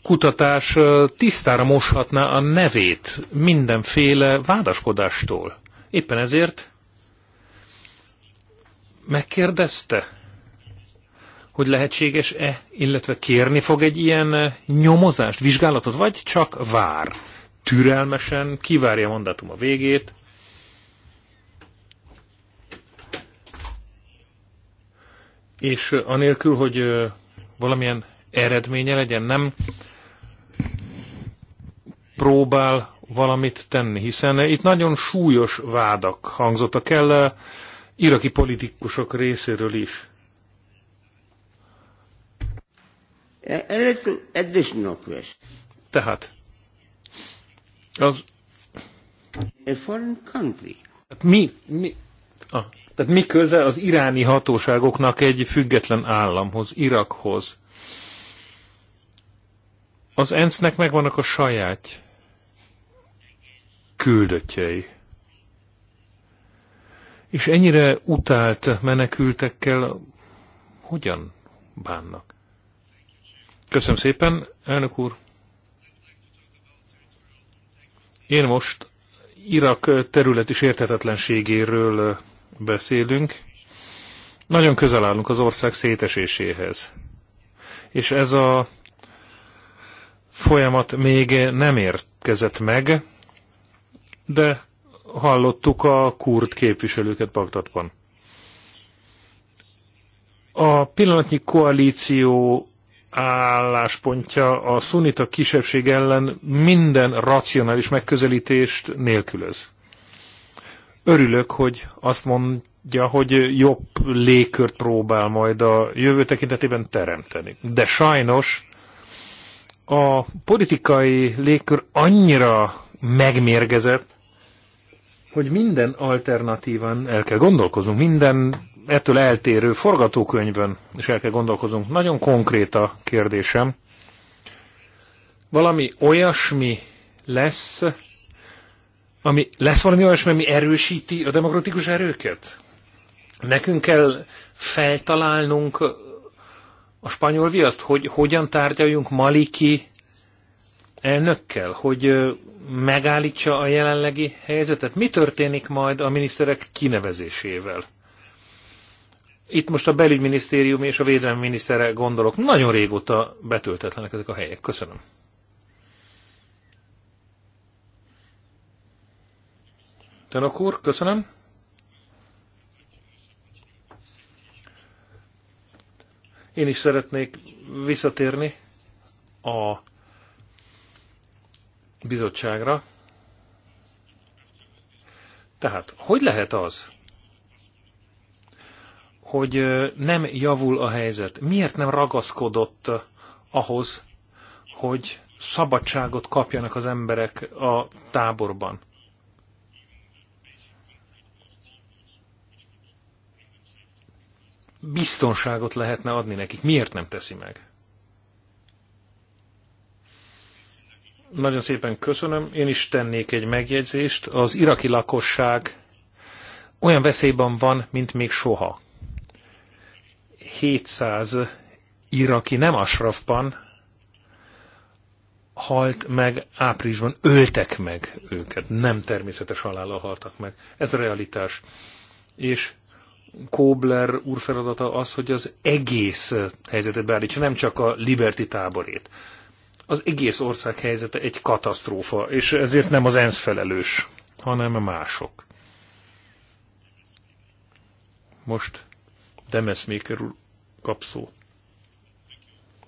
kutatás tisztára moshatná a nevét mindenféle vádaskodástól. Éppen ezért megkérdezte, hogy lehetséges-e, illetve kérni fog egy ilyen nyomozást, vizsgálatot, vagy csak vár türelmesen, kivárja a mandátum a végét, és anélkül, hogy valamilyen eredménye legyen, nem próbál valamit tenni, hiszen itt nagyon súlyos vádak hangzottak el iraki politikusok részéről is. Tehát, az... A foreign country. Mi, mi, ah, tehát mi köze az iráni hatóságoknak egy független államhoz, Irakhoz? Az ENSZ-nek megvannak a saját küldöttjei. És ennyire utált menekültekkel hogyan bánnak? Köszönöm szépen, elnök úr! Én most Irak területi sérthetetlenségéről beszélünk. Nagyon közel állunk az ország széteséséhez. És ez a folyamat még nem érkezett meg, de hallottuk a kurd képviselőket Bagdadban. A pillanatnyi koalíció álláspontja a szunita kisebbség ellen minden racionális megközelítést nélkülöz. Örülök, hogy azt mondja, hogy jobb légkört próbál majd a jövő tekintetében teremteni. De sajnos a politikai légkör annyira megmérgezett, hogy minden alternatívan el kell gondolkoznunk, minden ettől eltérő forgatókönyvön és el kell gondolkozunk. Nagyon konkrét a kérdésem. Valami olyasmi lesz, ami, lesz valami olyasmi, ami erősíti a demokratikus erőket? Nekünk kell feltalálnunk a spanyol viaszt, hogy hogyan tárgyaljunk Maliki elnökkel, hogy megállítsa a jelenlegi helyzetet? Mi történik majd a miniszterek kinevezésével? Itt most a belügyminisztérium és a védelmi miniszterre gondolok. Nagyon régóta betöltetlenek ezek a helyek. Köszönöm. Tönök úr, köszönöm. Én is szeretnék visszatérni a bizottságra. Tehát, hogy lehet az, hogy nem javul a helyzet. Miért nem ragaszkodott ahhoz, hogy szabadságot kapjanak az emberek a táborban? Biztonságot lehetne adni nekik. Miért nem teszi meg? Nagyon szépen köszönöm. Én is tennék egy megjegyzést. Az iraki lakosság olyan veszélyben van, mint még soha. 700 iraki nem Asrafban halt meg áprilisban, öltek meg őket, nem természetes halállal haltak meg. Ez a realitás. És Kobler úr feladata az, hogy az egész helyzetet beállítsa, nem csak a Liberty táborét. Az egész ország helyzete egy katasztrófa, és ezért nem az ENSZ felelős, hanem mások. Most Demesmaker úr kap szó.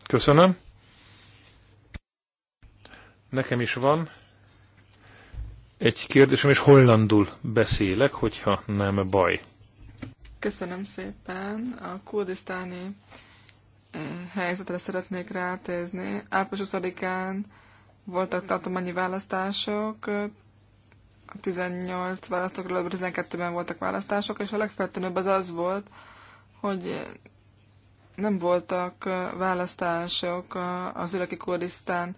Köszönöm. Nekem is van egy kérdésem, és hollandul beszélek, hogyha nem baj. Köszönöm szépen. A kurdisztáni eh, helyzetre szeretnék rátézni. Április 20-án voltak tartományi választások, A 18 választókról 12-ben voltak választások, és a legfeltűnőbb az az volt, hogy nem voltak választások az iraki Kurdisztán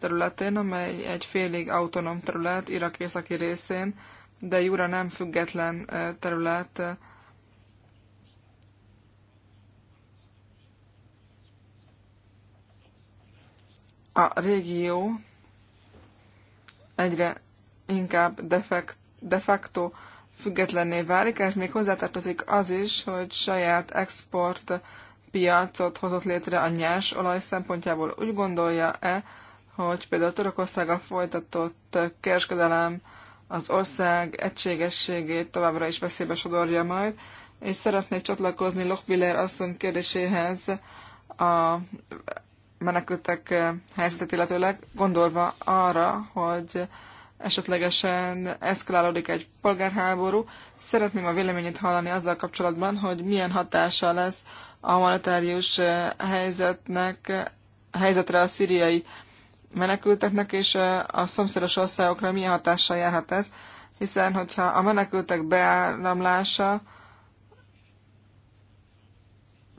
területén, amely egy félig autonóm terület Irak északi részén, de Jura nem független terület. A régió egyre inkább facto, de facto függetlenné válik, ez még hozzátartozik az is, hogy saját export piacot hozott létre a nyers olaj szempontjából. Úgy gondolja-e, hogy például Törökországgal folytatott kereskedelem az ország egységességét továbbra is veszélybe sodorja majd, és szeretnék csatlakozni Lochbiller asszony kérdéséhez a menekültek helyzetet illetőleg, gondolva arra, hogy esetlegesen eszkalálódik egy polgárháború. Szeretném a véleményét hallani azzal kapcsolatban, hogy milyen hatása lesz a monetárius eh, helyzetnek, a eh, helyzetre a szíriai menekülteknek, és eh, a szomszédos országokra milyen hatással járhat ez, hiszen hogyha a menekültek beállamlása,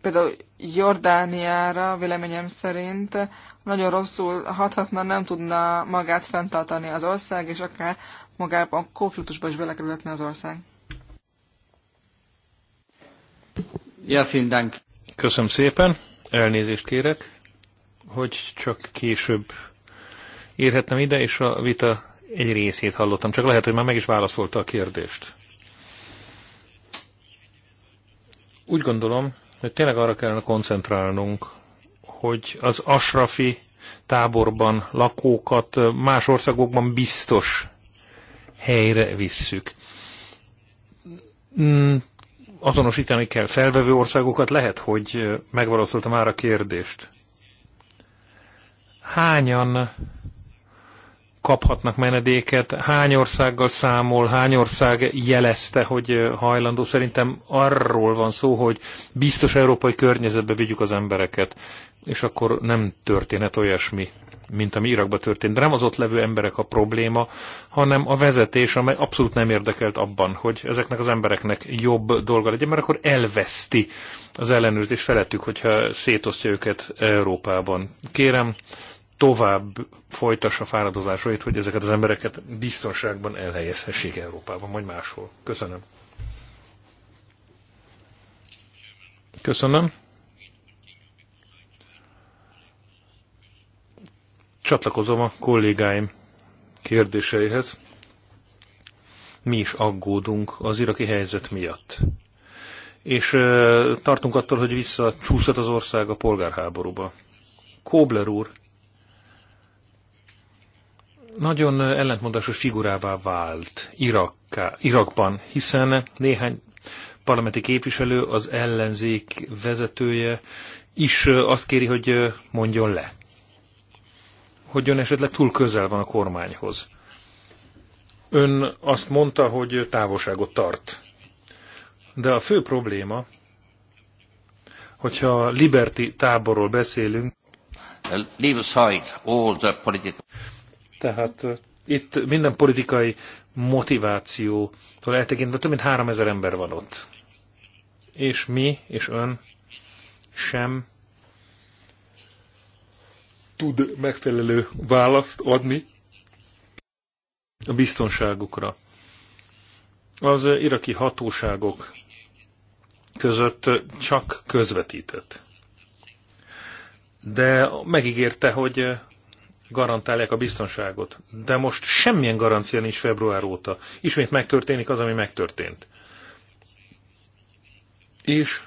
például Jordániára véleményem szerint nagyon rosszul hathatna, nem tudna magát fenntartani az ország, és akár magában a konfliktusba is belekerülhetne az ország. Ja, vielen Dank. Köszönöm szépen, elnézést kérek, hogy csak később érhettem ide, és a vita egy részét hallottam. Csak lehet, hogy már meg is válaszolta a kérdést. Úgy gondolom, hogy tényleg arra kellene koncentrálnunk, hogy az Asrafi táborban lakókat más országokban biztos helyre visszük. Mm, azonosítani kell felvevő országokat, lehet, hogy megválaszolta már a kérdést. Hányan kaphatnak menedéket, hány országgal számol, hány ország jelezte, hogy hajlandó. Szerintem arról van szó, hogy biztos európai környezetbe vigyük az embereket, és akkor nem történhet olyasmi, mint ami Irakban történt. De nem az ott levő emberek a probléma, hanem a vezetés, amely abszolút nem érdekelt abban, hogy ezeknek az embereknek jobb dolga legyen, mert akkor elveszti az ellenőrzés felettük, hogyha szétosztja őket Európában. Kérem, tovább folytassa fáradozásait, hogy ezeket az embereket biztonságban elhelyezhessék Európában, vagy máshol. Köszönöm. Köszönöm. Csatlakozom a kollégáim kérdéseihez. Mi is aggódunk az iraki helyzet miatt. És e, tartunk attól, hogy visszacsúszhat az ország a polgárháborúba. Kobler úr nagyon ellentmondásos figurává vált Irakká, Irakban, hiszen néhány parlamenti képviselő, az ellenzék vezetője is azt kéri, hogy mondjon le. Hogy ön esetleg túl közel van a kormányhoz. Ön azt mondta, hogy távolságot tart. De a fő probléma, hogyha Liberty táborról beszélünk, leave aside all the political tehát itt minden politikai motivációtól eltekintve több mint 3000 ember van ott. És mi és ön sem tud megfelelő választ adni a biztonságukra. Az iraki hatóságok között csak közvetített. De megígérte, hogy garantálják a biztonságot. De most semmilyen garancia nincs február óta. Ismét megtörténik az, ami megtörtént. És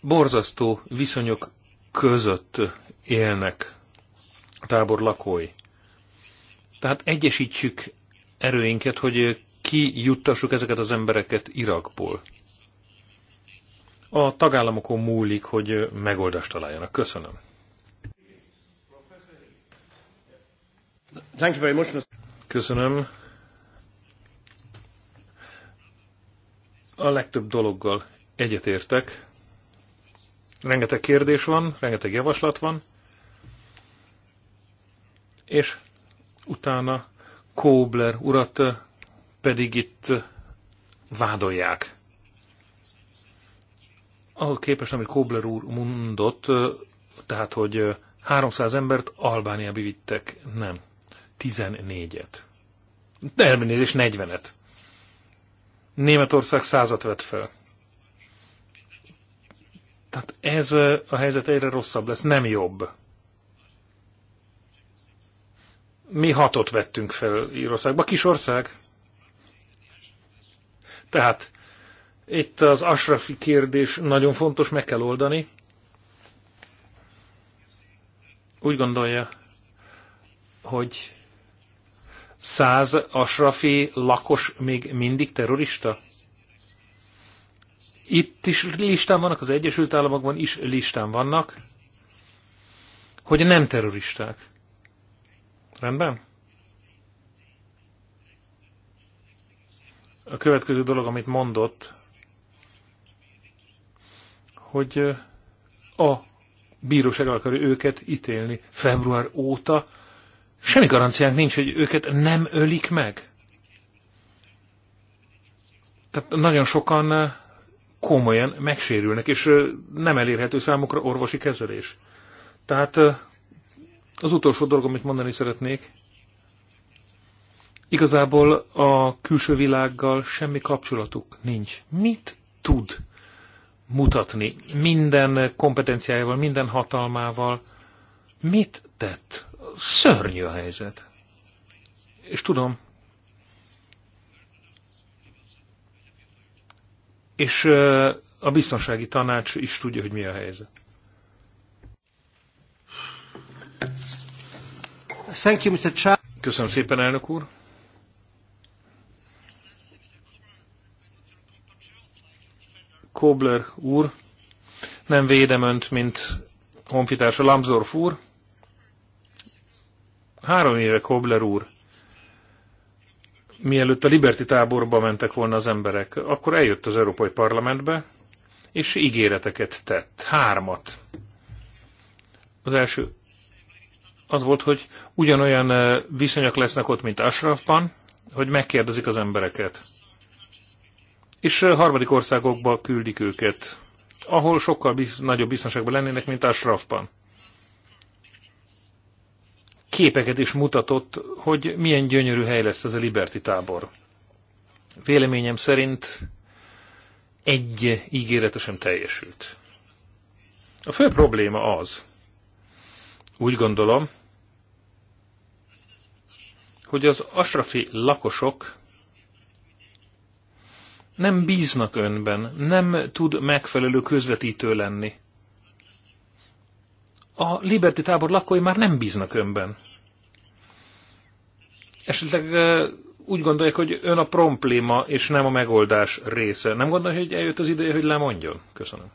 borzasztó viszonyok között élnek tábor lakói. Tehát egyesítsük erőinket, hogy ki juttassuk ezeket az embereket Irakból. A tagállamokon múlik, hogy megoldást találjanak. Köszönöm. Thank you very much. Köszönöm. A legtöbb dologgal egyetértek. Rengeteg kérdés van, rengeteg javaslat van, és utána Kóbler urat pedig itt vádolják. Ahhoz képest, amit Kóbler úr mondott, tehát, hogy 300 embert Albániába vittek, nem. 14-et. De 40-et. Németország százat vett fel. Tehát ez a helyzet egyre rosszabb lesz, nem jobb. Mi hatot vettünk fel Írországba, kis ország. Tehát itt az Asrafi kérdés nagyon fontos, meg kell oldani. Úgy gondolja, hogy száz asrafi lakos még mindig terrorista? Itt is listán vannak, az Egyesült Államokban is listán vannak, hogy nem terroristák. Rendben? A következő dolog, amit mondott, hogy a bíróság akarja őket ítélni február óta, Semmi garanciánk nincs, hogy őket nem ölik meg. Tehát nagyon sokan eh, komolyan megsérülnek, és eh, nem elérhető számukra orvosi kezelés. Tehát eh, az utolsó dolog, amit mondani szeretnék, igazából a külső világgal semmi kapcsolatuk nincs. Mit tud mutatni minden kompetenciájával, minden hatalmával? Mit tett? szörnyű a helyzet. És tudom, és a biztonsági tanács is tudja, hogy mi a helyzet. Thank you, Mr. Chá Köszönöm szépen, elnök úr. Kobler úr, nem védem önt, mint honfitársa Lambsdorff úr, Három éve, Kobler úr, mielőtt a Liberty táborba mentek volna az emberek, akkor eljött az Európai Parlamentbe, és ígéreteket tett. Hármat. Az első az volt, hogy ugyanolyan viszonyok lesznek ott, mint Ashrafban, hogy megkérdezik az embereket. És harmadik országokba küldik őket, ahol sokkal biz, nagyobb biztonságban lennének, mint Ashrafban képeket is mutatott, hogy milyen gyönyörű hely lesz ez a Liberty tábor. Véleményem szerint egy ígéretesen teljesült. A fő probléma az, úgy gondolom, hogy az asrafi lakosok nem bíznak önben, nem tud megfelelő közvetítő lenni a Liberty tábor lakói már nem bíznak önben. Esetleg úgy gondolják, hogy ön a probléma és nem a megoldás része. Nem gondolja, hogy eljött az ideje, hogy lemondjon? Köszönöm.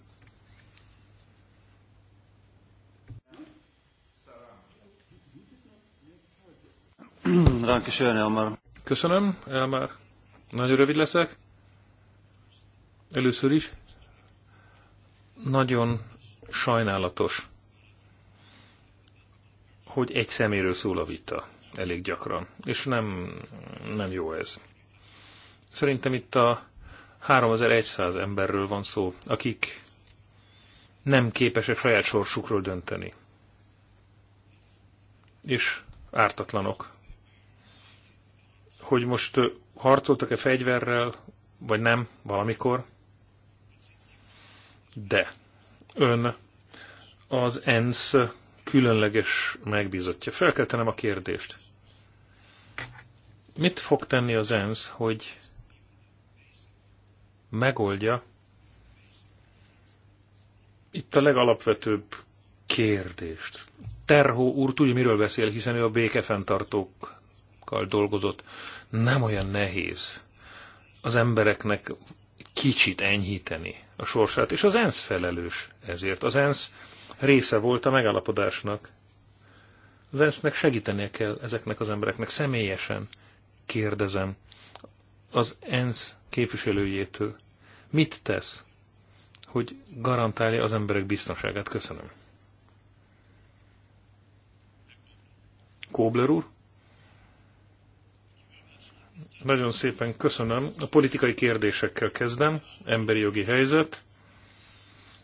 Köszönöm, Elmar. Nagyon rövid leszek. Először is. Nagyon sajnálatos, hogy egy szeméről szól a vita elég gyakran, és nem, nem jó ez. Szerintem itt a 3100 emberről van szó, akik nem képesek saját sorsukról dönteni. És ártatlanok. Hogy most harcoltak-e fegyverrel, vagy nem, valamikor. De ön az ENSZ különleges megbízottja. Fel kell tennem a kérdést. Mit fog tenni az ENSZ, hogy megoldja itt a legalapvetőbb kérdést? Terhó úr tudja, miről beszél, hiszen ő a békefenntartókkal dolgozott. Nem olyan nehéz az embereknek kicsit enyhíteni a sorsát, és az ENSZ felelős ezért. Az ENSZ része volt a megállapodásnak. Vesznek segítenie kell ezeknek az embereknek személyesen, kérdezem, az ENSZ képviselőjétől. Mit tesz, hogy garantálja az emberek biztonságát? Köszönöm. Kóbler úr? Nagyon szépen köszönöm. A politikai kérdésekkel kezdem. Emberi jogi helyzet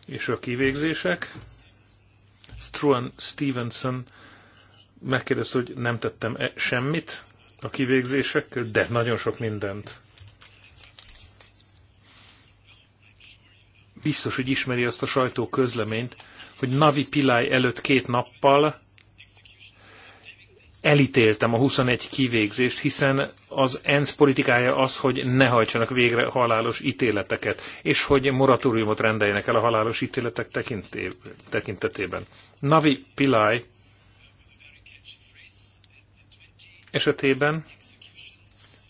és a kivégzések. Struan Stevenson megkérdezte, hogy nem tettem -e semmit a kivégzésekkel, de nagyon sok mindent. Biztos, hogy ismeri azt a sajtó közleményt, hogy Navi Pillai előtt két nappal elítéltem a 21 kivégzést, hiszen az ENSZ politikája az, hogy ne hajtsanak végre halálos ítéleteket, és hogy moratóriumot rendeljenek el a halálos ítéletek tekintetében. Navi Pillai esetében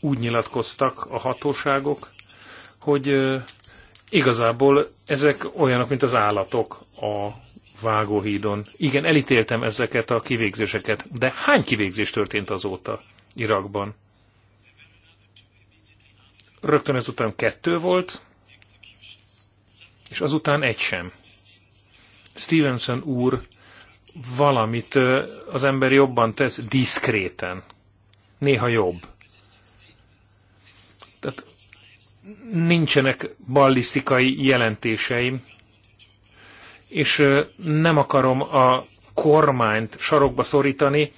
úgy nyilatkoztak a hatóságok, hogy igazából ezek olyanok, mint az állatok a vágóhídon. Igen, elítéltem ezeket a kivégzéseket, de hány kivégzés történt azóta Irakban? Rögtön ezután kettő volt, és azután egy sem. Stevenson úr valamit az ember jobban tesz diszkréten. Néha jobb. Tehát nincsenek ballisztikai jelentéseim, és nem akarom a kormányt sarokba szorítani,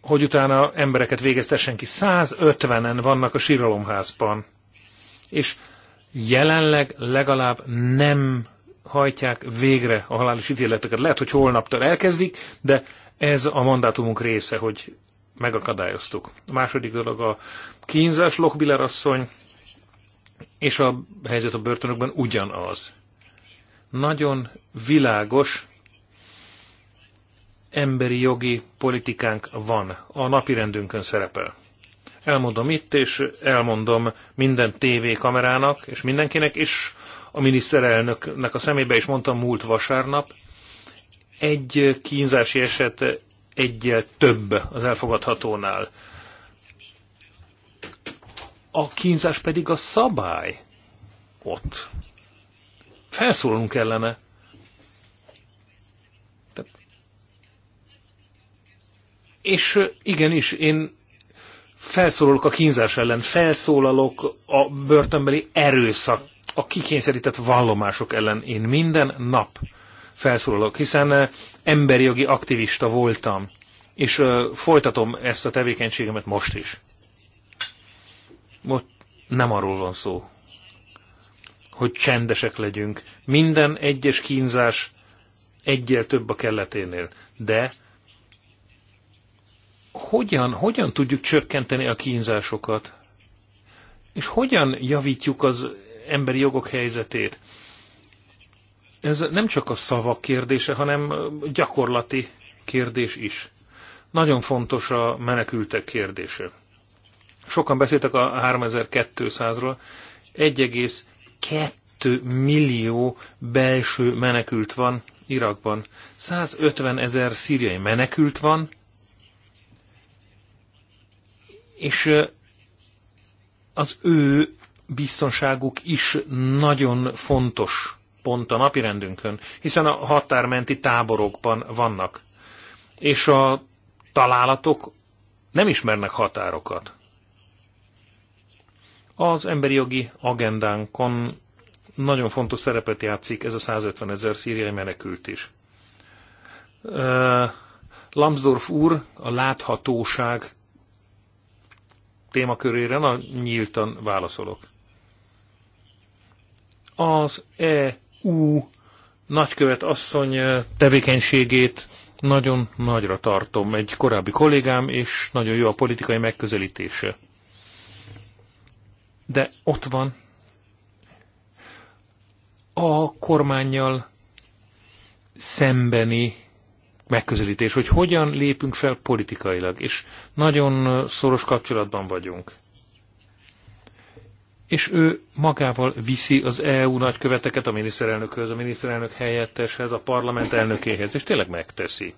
hogy utána embereket végeztessen ki. 150-en vannak a síralomházban, és jelenleg legalább nem hajtják végre a halálos ítéleteket. Lehet, hogy holnaptól elkezdik, de ez a mandátumunk része, hogy megakadályoztuk. A második dolog a kínzás, Lochbiller asszony, és a helyzet a börtönökben ugyanaz nagyon világos emberi jogi politikánk van, a napirendünkön szerepel. Elmondom itt, és elmondom minden TV kamerának, és mindenkinek, és a miniszterelnöknek a szemébe is mondtam múlt vasárnap, egy kínzási eset egyel több az elfogadhatónál. A kínzás pedig a szabály ott. Felszólunk kellene. És igenis, én felszólalok a kínzás ellen, felszólalok a börtönbeli erőszak, a kikényszerített vallomások ellen. Én minden nap felszólalok, hiszen emberi jogi aktivista voltam, és folytatom ezt a tevékenységemet most is. Most nem arról van szó, hogy csendesek legyünk. Minden egyes kínzás egyel több a kelleténél. De hogyan, hogyan tudjuk csökkenteni a kínzásokat? És hogyan javítjuk az emberi jogok helyzetét? Ez nem csak a szavak kérdése, hanem gyakorlati kérdés is. Nagyon fontos a menekültek kérdése. Sokan beszéltek a 3200-ról, 2 millió belső menekült van Irakban. 150 ezer szíriai menekült van, és az ő biztonságuk is nagyon fontos pont a napirendünkön, hiszen a határmenti táborokban vannak. És a találatok nem ismernek határokat. Az emberi jogi agendánkon nagyon fontos szerepet játszik ez a 150 ezer szíriai menekült is. Lambsdorff úr a láthatóság témakörére na, nyíltan válaszolok. Az EU nagykövet asszony tevékenységét nagyon nagyra tartom. Egy korábbi kollégám, és nagyon jó a politikai megközelítése de ott van a kormányjal szembeni megközelítés, hogy hogyan lépünk fel politikailag, és nagyon szoros kapcsolatban vagyunk. És ő magával viszi az EU nagyköveteket a miniszterelnökhöz, a miniszterelnök helyetteshez, a parlament elnökéhez, és tényleg megteszi.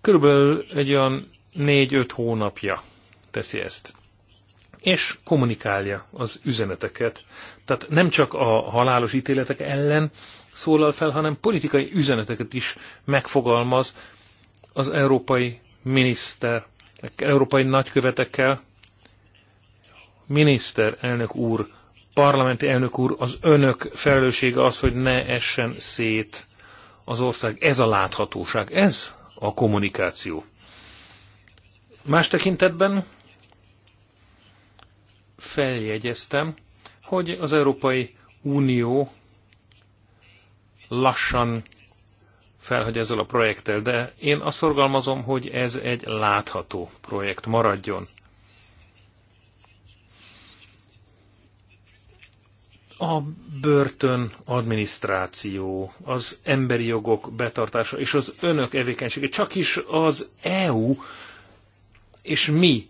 Körülbelül egy olyan négy-öt hónapja teszi ezt és kommunikálja az üzeneteket. Tehát nem csak a halálos ítéletek ellen szólal fel, hanem politikai üzeneteket is megfogalmaz az európai miniszter, európai nagykövetekkel. Miniszterelnök úr, parlamenti elnök úr, az önök felelőssége az, hogy ne essen szét az ország. Ez a láthatóság, ez a kommunikáció. Más tekintetben feljegyeztem, hogy az Európai Unió lassan felhagy ezzel a projekttel, de én azt szorgalmazom, hogy ez egy látható projekt maradjon. a börtön adminisztráció, az emberi jogok betartása és az önök evékenysége csak is az EU és mi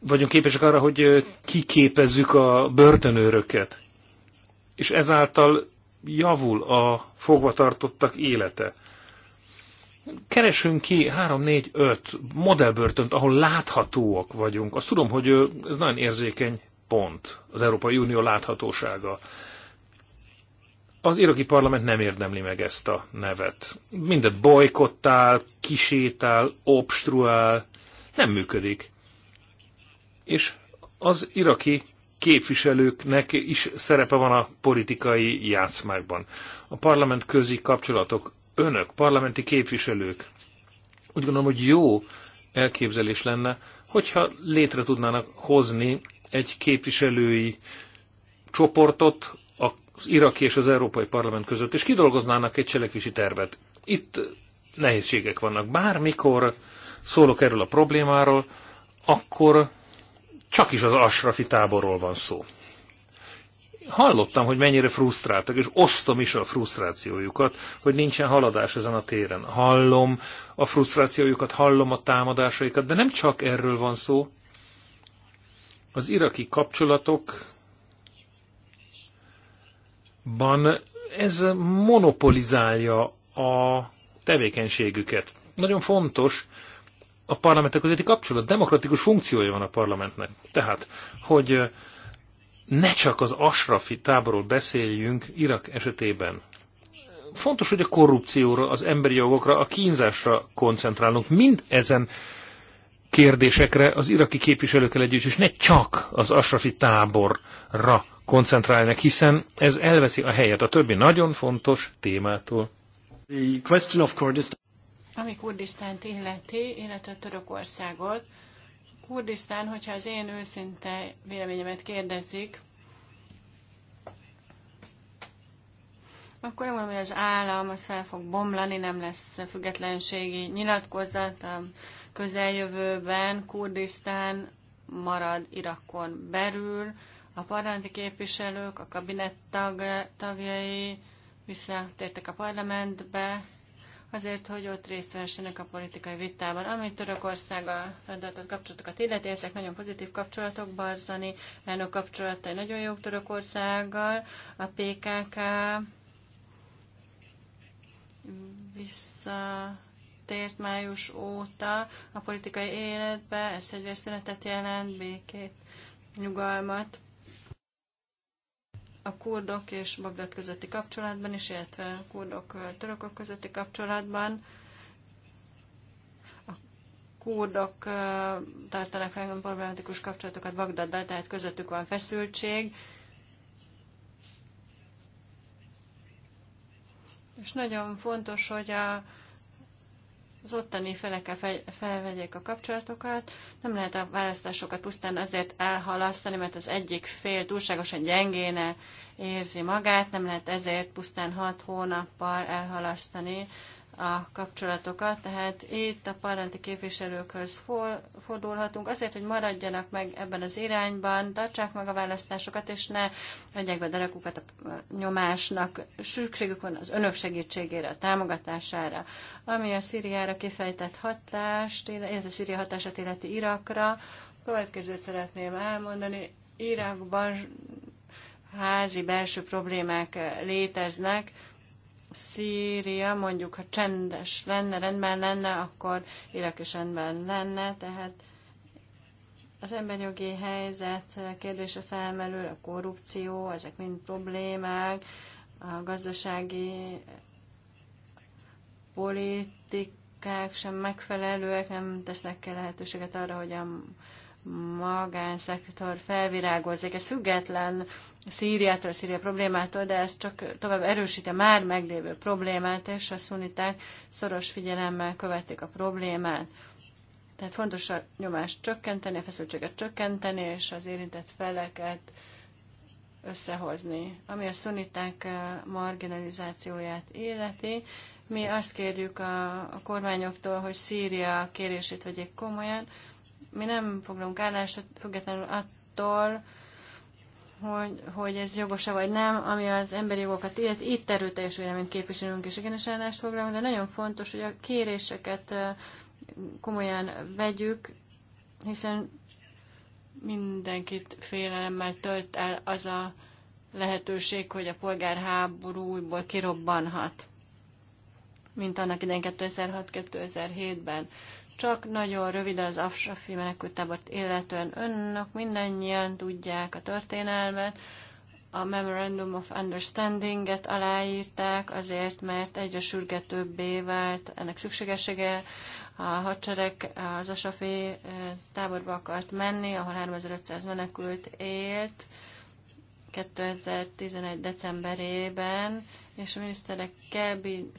vagyunk képesek arra, hogy kiképezzük a börtönőröket. És ezáltal javul a fogvatartottak élete. Keresünk ki 3-4-5 modellbörtönt, ahol láthatóak vagyunk. Azt tudom, hogy ez nagyon érzékeny pont, az Európai Unió láthatósága. Az iraki parlament nem érdemli meg ezt a nevet. Mindet bolykottál, kisétál, obstruál, nem működik és az iraki képviselőknek is szerepe van a politikai játszmákban. A parlament közi kapcsolatok, önök, parlamenti képviselők, úgy gondolom, hogy jó elképzelés lenne, hogyha létre tudnának hozni egy képviselői csoportot az iraki és az Európai Parlament között, és kidolgoznának egy cselekvési tervet. Itt nehézségek vannak. Bármikor szólok erről a problémáról, akkor csak is az Asrafi táborról van szó. Hallottam, hogy mennyire frusztráltak, és osztom is a frusztrációjukat, hogy nincsen haladás ezen a téren. Hallom a frusztrációjukat, hallom a támadásaikat, de nem csak erről van szó. Az iraki kapcsolatokban ez monopolizálja a tevékenységüket. Nagyon fontos, a parlamentek közötti kapcsolat, demokratikus funkciója van a parlamentnek. Tehát, hogy ne csak az asrafi táborról beszéljünk Irak esetében. Fontos, hogy a korrupcióra, az emberi jogokra, a kínzásra koncentrálunk. Mind ezen kérdésekre az iraki képviselőkkel együtt, és ne csak az asrafi táborra koncentrálnak, hiszen ez elveszi a helyet a többi nagyon fontos témától. The question of Kurdistan. Ami Kurdisztánt illeti, illetve Törökországot, Kurdisztán, hogyha az én őszinte véleményemet kérdezik, akkor nem mondom, hogy az állam az fel fog bomlani, nem lesz függetlenségi nyilatkozat a közeljövőben. Kurdisztán marad Irakon belül, a parlamenti képviselők, a kabinett tag, tagjai visszatértek a parlamentbe, azért, hogy ott részt vessenek a politikai vitában. Ami Törökországgal fenntartott kapcsolatokat illeti, ezek nagyon pozitív kapcsolatok, Barzani elnök kapcsolatai nagyon jók Törökországgal, a PKK visszatért május óta a politikai életbe, ez egy szünetet jelent, békét, nyugalmat a kurdok és Bagdad közötti kapcsolatban is, illetve a kurdok-törökök közötti kapcsolatban. A kurdok tartanak fel problematikus kapcsolatokat Bagdaddal, tehát közöttük van feszültség. És nagyon fontos, hogy a az ottani felekkel fel, felvegyék a kapcsolatokat. Nem lehet a választásokat pusztán azért elhalasztani, mert az egyik fél túlságosan gyengéne érzi magát, nem lehet ezért pusztán hat hónappal elhalasztani a kapcsolatokat, tehát itt a parlamenti képviselőkhöz fordulhatunk azért, hogy maradjanak meg ebben az irányban, tartsák meg a választásokat, és ne adják be derekukat a nyomásnak. Szükségük van az önök segítségére, a támogatására, ami a Szíriára kifejtett hatást, illetve Szíria hatását illeti Irakra. Következőt szeretném elmondani. Irakban házi belső problémák léteznek, Szíria mondjuk, ha csendes lenne, rendben lenne, akkor Irak is rendben lenne, tehát az emberjogi helyzet kérdése felmerül, a korrupció, ezek mind problémák, a gazdasági politikák sem megfelelőek, nem tesznek ki lehetőséget arra, hogy a magánszektor felvirágozzék. Ez független Szíriától, Szíria problémától, de ez csak tovább erősíti a már meglévő problémát, és a szuniták szoros figyelemmel követik a problémát. Tehát fontos a nyomást csökkenteni, a feszültséget csökkenteni, és az érintett feleket összehozni. Ami a szuniták eh, marginalizációját életi, mi azt kérjük a, a kormányoktól, hogy Szíria kérését vegyék komolyan. Mi nem foglalunk állást, függetlenül attól, hogy, hogy ez jogosa vagy nem, ami az emberi jogokat illet. Itt erőteljes véleményt képviselünk, és igenis állást foglalunk, de nagyon fontos, hogy a kéréseket komolyan vegyük, hiszen mindenkit félelemmel tölt el az a lehetőség, hogy a polgárháború újból kirobbanhat, mint annak idején 2006-2007-ben. Csak nagyon röviden az Afsafi menekültábort illetően önök mindannyian tudják a történelmet, a Memorandum of Understanding-et aláírták, azért, mert egyre sürgetőbbé vált ennek szükségessége. A hadsereg az Asafi eh, táborba akart menni, ahol 3500 menekült élt 2011. decemberében, és a miniszterek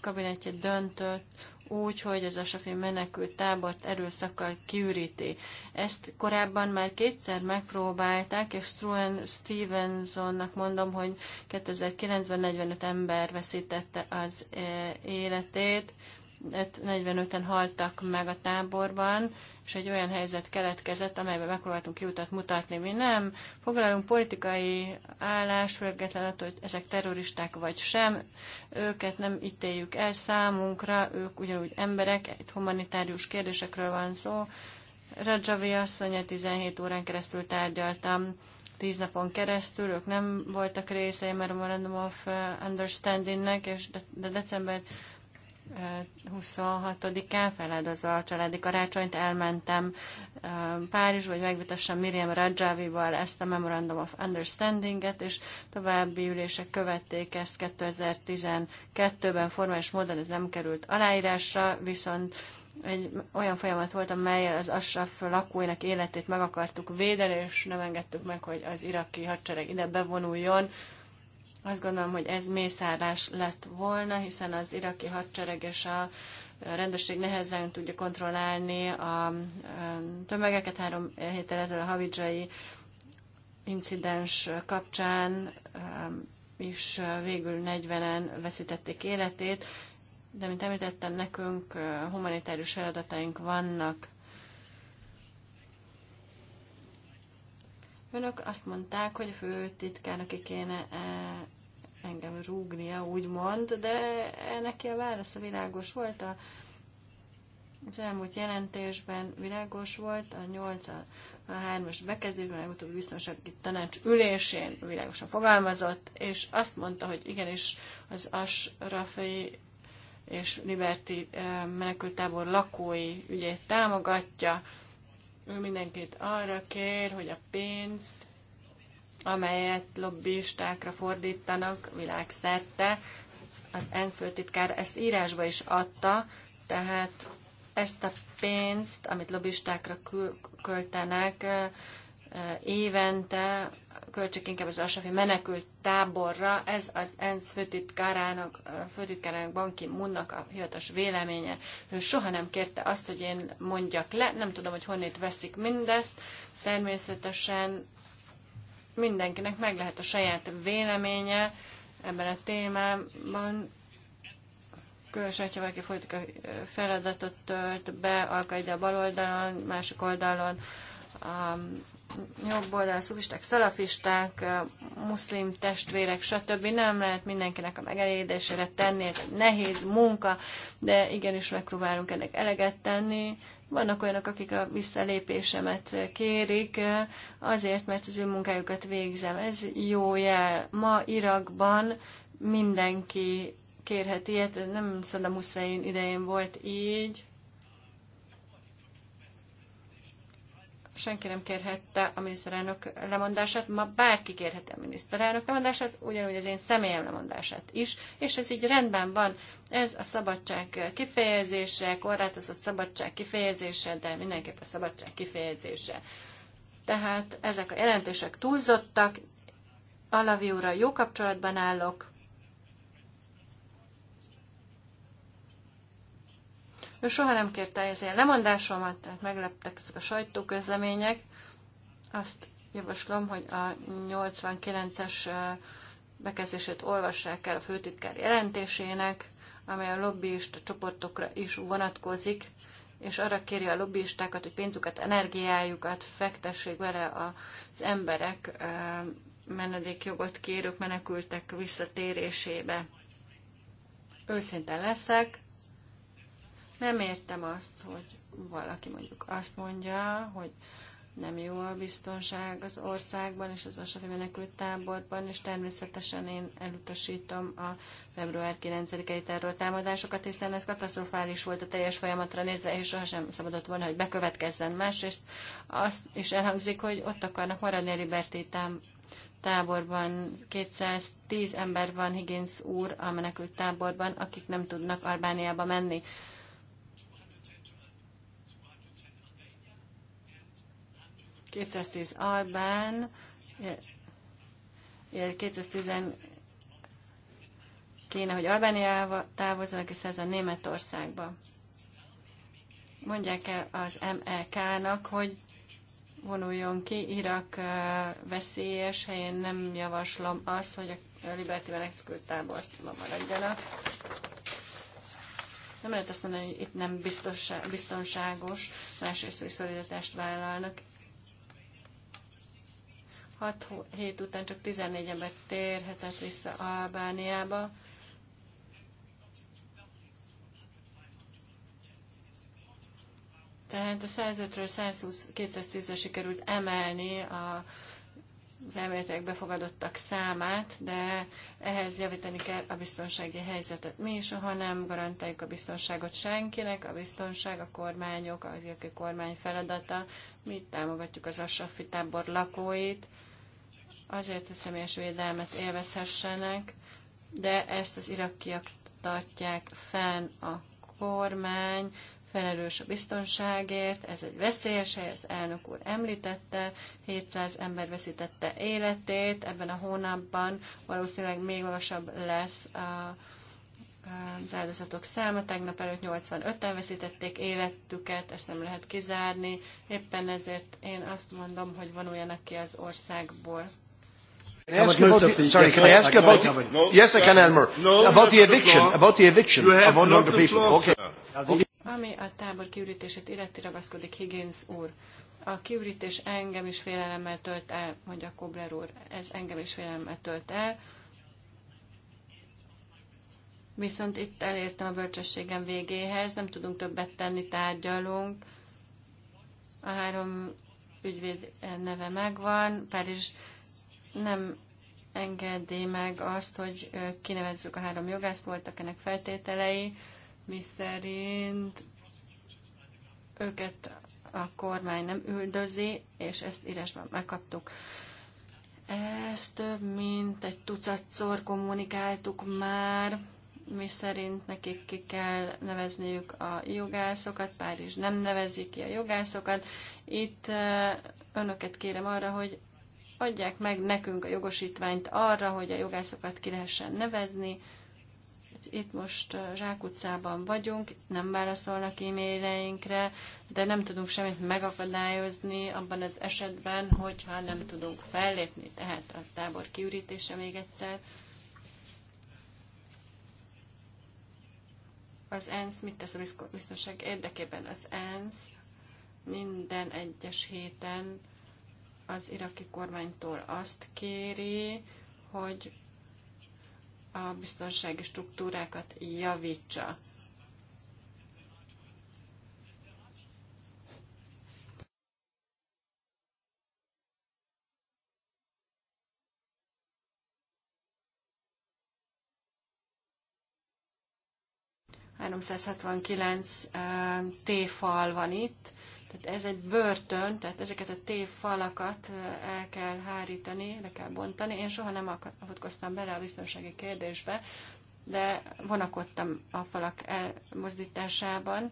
kabinetje döntött úgy, hogy az asafi menekült tábort erőszakkal kiüríti. Ezt korábban már kétszer megpróbálták, és Struan Stevensonnak mondom, hogy 2009-ben 45 ember veszítette az eh, életét, 45-en haltak meg a táborban, és egy olyan helyzet keletkezett, amelyben megpróbáltunk kiutat mutatni. Mi nem foglalunk politikai állást, függetlenül attól, hogy ezek terroristák vagy sem. Őket nem ítéljük el számunkra, ők ugyanúgy emberek, itt humanitárius kérdésekről van szó. Rajavi asszonya 17 órán keresztül tárgyaltam, 10 napon keresztül, ők nem voltak részei, mert a Memorandum of Understandingnek, és de, de december 26-án az a családi karácsonyt, elmentem Párizs, hogy megvitassam Miriam Rajavival ezt a Memorandum of Understanding-et, és további ülések követték ezt 2012-ben formális módon, ez nem került aláírásra, viszont egy olyan folyamat volt, amelyel az Ashraf lakóinak életét meg akartuk védeni, és nem engedtük meg, hogy az iraki hadsereg ide bevonuljon, azt gondolom, hogy ez mészárlás lett volna, hiszen az iraki hadsereg és a rendőrség nehezen tudja kontrollálni a tömegeket. Három héttel ezelőtt a havidzsai incidens kapcsán um, is végül 40-en veszítették életét, de mint említettem, nekünk uh, humanitárius feladataink vannak. Önök azt mondták, hogy a főtitkár, aki kéne e, engem rúgnia, úgymond, de e, neki a válasza világos volt. A, az elmúlt jelentésben világos volt, a 8 a, a 3-as bekezdésben, a legutóbbi biztonsági tanács ülésén világosan fogalmazott, és azt mondta, hogy igenis az as rafai és Liberty e, menekültábor lakói ügyét támogatja, ő mindenkit arra kér, hogy a pénzt, amelyet lobbistákra fordítanak világszerte, az ENSZ főtitkár ezt írásba is adta, tehát ezt a pénzt, amit lobbistákra költenek, évente költsük inkább az Asafi menekült táborra. Ez az ENSZ főtitkárának, főtitkárának Banki Munnak a hivatalos véleménye. Ő soha nem kérte azt, hogy én mondjak le. Nem tudom, hogy honnét veszik mindezt. Természetesen mindenkinek meg lehet a saját véleménye ebben a témában. Különösen, hogyha valaki politikai feladatot tölt be, alkalja a bal oldalon, másik oldalon, jobb oldal, szufisták, szalafisták, muszlim testvérek, stb. Nem lehet mindenkinek a megelégedésére tenni, ez egy nehéz munka, de igenis megpróbálunk ennek eleget tenni. Vannak olyanok, akik a visszalépésemet kérik, azért, mert az ő munkájukat végzem. Ez jó jel. Ma Irakban mindenki kérhet ilyet, nem Saddam Hussein idején volt így, senki nem kérhette a miniszterelnök lemondását, ma bárki kérheti a miniszterelnök lemondását, ugyanúgy az én személyem lemondását is, és ez így rendben van. Ez a szabadság kifejezése, korlátozott szabadság kifejezése, de mindenképp a szabadság kifejezése. Tehát ezek a jelentések túlzottak, Alavi jó kapcsolatban állok, Ő soha nem kérte az ilyen lemondásomat, tehát megleptek ezek a sajtóközlemények. Azt javaslom, hogy a 89-es bekezdését olvassák el a főtitkár jelentésének, amely a lobbyista csoportokra is vonatkozik, és arra kéri a lobbyistákat, hogy pénzüket, energiájukat fektessék vele az emberek menedékjogot kérők menekültek visszatérésébe. Őszinte leszek, nem értem azt, hogy valaki mondjuk azt mondja, hogy nem jó a biztonság az országban és az Asafi menekült táborban, és természetesen én elutasítom a február 9-i támadásokat, hiszen ez katasztrofális volt a teljes folyamatra nézve, és sohasem szabadott volna, hogy bekövetkezzen. Másrészt azt is elhangzik, hogy ott akarnak maradni a Liberty táborban 210 ember van Higgins úr a menekült táborban, akik nem tudnak Albániába menni. 210 albán, 210 eh, eh, kéne, hogy Albánia távozzanak, és ez a Németországba. Mondják el az mlk e nak hogy vonuljon ki. Irak eh, veszélyes helyen nem javaslom azt, hogy a Liberty menekült ma maradjanak. Nem lehet azt mondani, hogy itt nem biztos, biztonságos, másrészt, hogy szolidaritást vállalnak. 6 hét után csak 14 ember térhetett vissza Albániába. Tehát a 105-ről 120-210-re sikerült emelni a az elméletek befogadottak számát, de ehhez javítani kell a biztonsági helyzetet mi is, ha nem garantáljuk a biztonságot senkinek, a biztonság, a kormányok, az iraki kormány feladata, mi támogatjuk az Asafi tábor lakóit, azért, hogy személyes védelmet élvezhessenek, de ezt az irakiak tartják fenn a kormány, felelős a biztonságért, ez egy veszélyes hely, ezt elnök úr említette, 700 ember veszítette életét, ebben a hónapban valószínűleg még magasabb lesz a, az áldozatok száma. Tegnap előtt 85-en veszítették életüket, ezt nem lehet kizárni. Éppen ezért én azt mondom, hogy vonuljanak ki az országból. Can I ask about the, sorry, can I ask about the, yes, I can, Elmer. About the eviction, about the eviction of 100 people. Okay. Ami a tábor kiürítését illeti ragaszkodik Higgins úr. A kiürítés engem is félelemmel tölt el, mondja Kobler úr. Ez engem is félelemmel tölt el. Viszont itt elértem a bölcsességem végéhez, nem tudunk többet tenni, tárgyalunk. A három ügyvéd neve megvan, Párizs nem engedi meg azt, hogy kinevezzük a három jogászt, voltak ennek feltételei mi szerint őket a kormány nem üldözi, és ezt írásban megkaptuk. Ezt több mint egy tucatszor kommunikáltuk már, mi szerint nekik ki kell nevezniük a jogászokat, Párizs nem nevezi ki a jogászokat. Itt önöket kérem arra, hogy adják meg nekünk a jogosítványt arra, hogy a jogászokat ki lehessen nevezni, itt most utcában vagyunk, nem válaszolnak e-maileinkre, de nem tudunk semmit megakadályozni abban az esetben, hogyha nem tudunk fellépni, tehát a tábor kiürítése még egyszer. Az ENSZ mit tesz a biztonság érdekében? Az ENSZ minden egyes héten az iraki kormánytól azt kéri, hogy a biztonsági struktúrákat javítsa. ...369 eh, T-fal van itt, tehát ez egy börtön, tehát ezeket a falakat el kell hárítani, le kell bontani. Én soha nem avatkoztam bele a biztonsági kérdésbe, de vonakodtam a falak elmozdításában.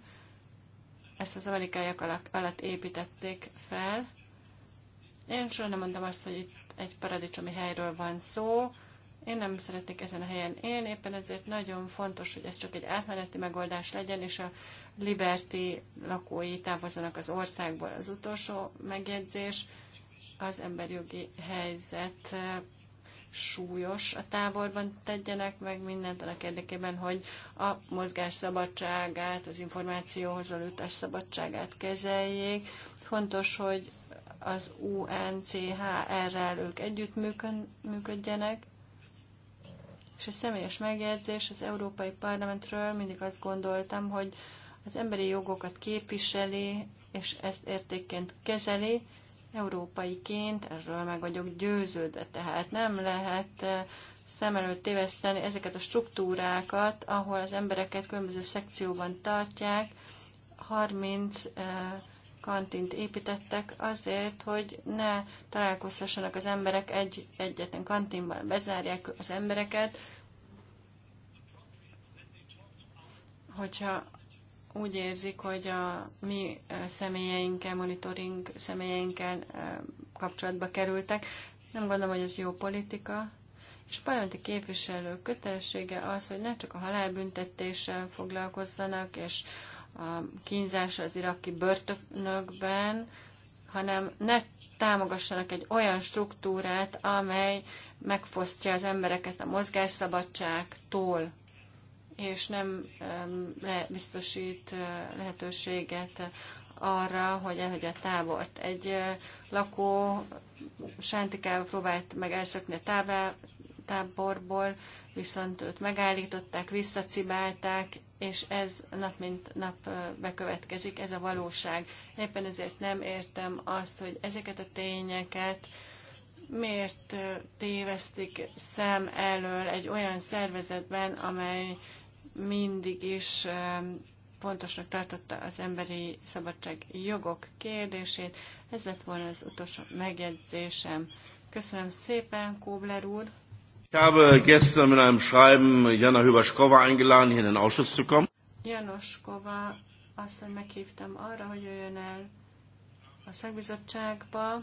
Ezt az amerikaiak alatt építették fel. Én soha nem mondtam azt, hogy itt egy paradicsomi helyről van szó, én nem szeretnék ezen a helyen élni, éppen ezért nagyon fontos, hogy ez csak egy átmeneti megoldás legyen, és a Liberty lakói távozzanak az országból. Az utolsó megjegyzés, az emberjogi helyzet eh, súlyos a táborban, tegyenek meg mindent annak érdekében, hogy a mozgás szabadságát, az információhoz való jutás szabadságát kezeljék. Fontos, hogy az UNCHR-rel ők együttműködjenek, és a személyes megjegyzés az Európai Parlamentről mindig azt gondoltam, hogy az emberi jogokat képviseli, és ezt értékként kezeli, európaiként, erről meg vagyok győződve. Tehát nem lehet eh, szem előtt téveszteni ezeket a struktúrákat, ahol az embereket különböző szekcióban tartják, 30 kantint építettek azért, hogy ne találkozhassanak az emberek egy egyetlen kantinban, bezárják az embereket, hogyha úgy érzik, hogy a mi személyeinkkel, monitoring személyeinkkel kapcsolatba kerültek. Nem gondolom, hogy ez jó politika. És a parlamenti képviselők kötelessége az, hogy ne csak a halálbüntetéssel foglalkozzanak, és a az iraki börtönökben, hanem ne támogassanak egy olyan struktúrát, amely megfosztja az embereket a mozgásszabadságtól, és nem biztosít lehetőséget arra, hogy elhagyja a tábort. Egy lakó sántikával próbált meg elszökni a táborból, viszont őt megállították, visszacibálták, és ez nap mint nap bekövetkezik, ez a valóság. Éppen ezért nem értem azt, hogy ezeket a tényeket miért tévesztik szem elől egy olyan szervezetben, amely mindig is fontosnak tartotta az emberi szabadság jogok kérdését. Ez lett volna az utolsó megjegyzésem. Köszönöm szépen, Kóbler úr! Ich habe gestern mit einem Schreiben Jana Hübaschkova eingeladen, hier in den Ausschuss zu kommen. Janoskova azt asszony meghívtam arra, hogy jöjjön el a szakbizottságba.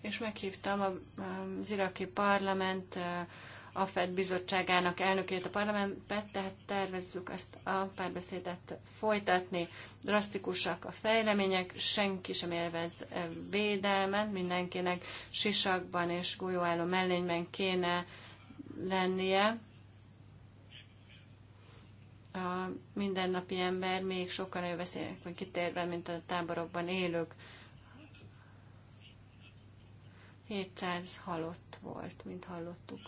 És meghívtam az iraki parlament a FED bizottságának elnökét a parlamentben, tehát tervezzük ezt a párbeszédet folytatni. Drasztikusak a fejlemények, senki sem élvez eh, védelmet, mindenkinek sisakban és golyóálló mellényben kéne lennie. A mindennapi ember még sokkal nagyobb veszélynek kitérve, mint a táborokban élők. 700 halott volt, mint hallottuk.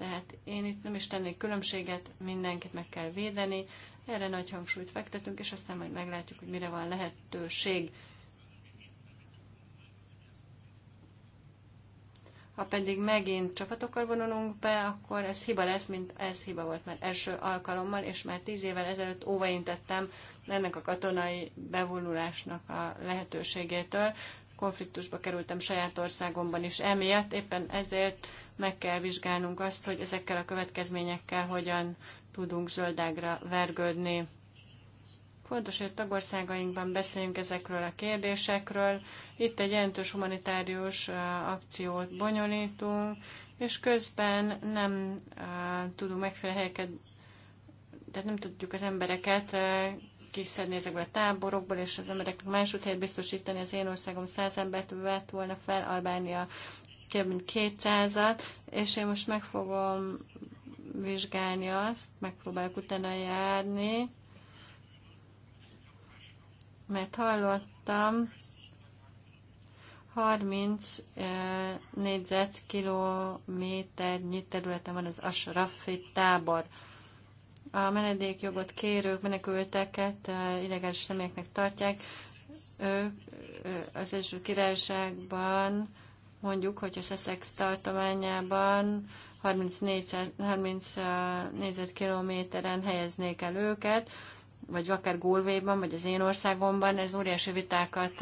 Tehát én itt nem is tennék különbséget, mindenkit meg kell védeni, erre nagy hangsúlyt fektetünk, és aztán majd meglátjuk, hogy mire van lehetőség. Ha pedig megint csapatokkal vonulunk be, akkor ez hiba lesz, mint ez hiba volt már első alkalommal, és már tíz évvel ezelőtt óvaintettem ennek a katonai bevonulásnak a lehetőségétől konfliktusba kerültem saját országomban is emiatt, éppen ezért meg kell vizsgálnunk azt, hogy ezekkel a következményekkel hogyan tudunk zöldágra vergődni. Fontos, hogy a tagországainkban beszéljünk ezekről a kérdésekről. Itt egy jelentős humanitárius akciót bonyolítunk, és közben nem tudunk megfelelő helyeket, tehát nem tudjuk az embereket kiszedni ezekből a táborokból, és az embereknek másodhelyet biztosítani. Az én országom száz embert vett volna fel, Albánia több mint kétszázat, és én most meg fogom vizsgálni azt, megpróbálok utána járni, mert hallottam 30 négyzetkilométernyi területen van az Asrafi tábor. A menedékjogot kérők, menekülteket illegális személyeknek tartják. Ők az Egyesült Királyságban mondjuk, hogy a Sussex tartományában 34, 30 négyzetkilométeren helyeznék el őket, vagy akár Gólvéban, vagy az én országomban, ez óriási vitákat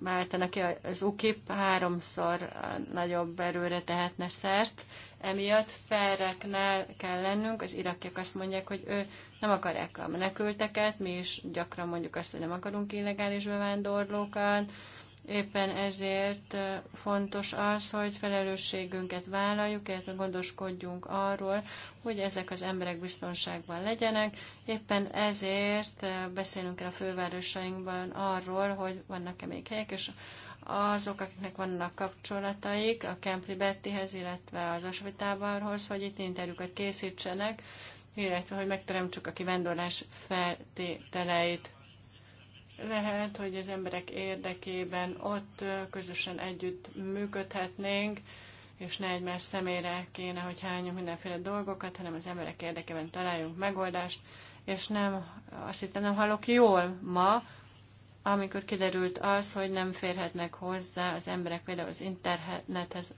váltana ki az UKIP, háromszor nagyobb erőre tehetne szert. Emiatt felreknál kell lennünk, az irakiak azt mondják, hogy ő nem akarják a menekülteket, mi is gyakran mondjuk azt, hogy nem akarunk illegális bevándorlókat, Éppen ezért fontos az, hogy felelősségünket vállaljuk, illetve gondoskodjunk arról, hogy ezek az emberek biztonságban legyenek. Éppen ezért beszélünk el a fővárosainkban arról, hogy vannak-e még helyek, és azok, akiknek vannak kapcsolataik a Camp Libertyhez, illetve az Asvitábarhoz, hogy itt interjúkat készítsenek, illetve hogy megteremtsük a kivándorlás feltételeit. Lehet, hogy az emberek érdekében ott közösen együtt működhetnénk, és ne egymás szemére kéne, hogy hányunk mindenféle dolgokat, hanem az emberek érdekében találjunk megoldást, és nem, azt hittem nem hallok jól ma, amikor kiderült az, hogy nem férhetnek hozzá az emberek például az internethez,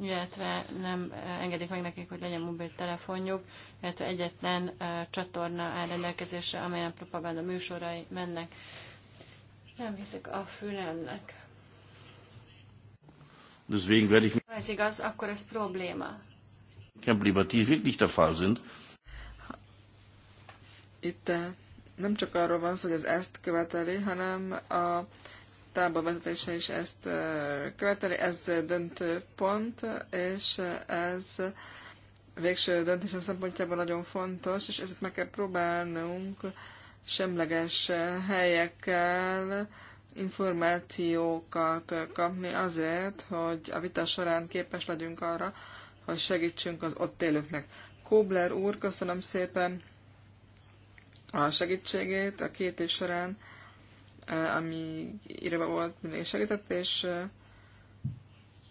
illetve nem eh, engedik meg nekik, hogy legyen mobiltelefonjuk, illetve egyetlen eh, csatorna áll rendelkezésre, amelyen propaganda műsorai mennek. Nem hiszek a fülemnek. Ha ez igaz, akkor ez probléma. Itt eh, nem csak arról van szó, hogy ez ezt követeli, hanem a tábor vezetése is ezt követeli. Ez döntő pont, és ez végső döntésem szempontjából nagyon fontos, és ezt meg kell próbálnunk semleges helyekkel információkat kapni azért, hogy a vita során képes legyünk arra, hogy segítsünk az ott élőknek. Kobler úr, köszönöm szépen a segítségét a két év során ami írva volt, mindig segített, és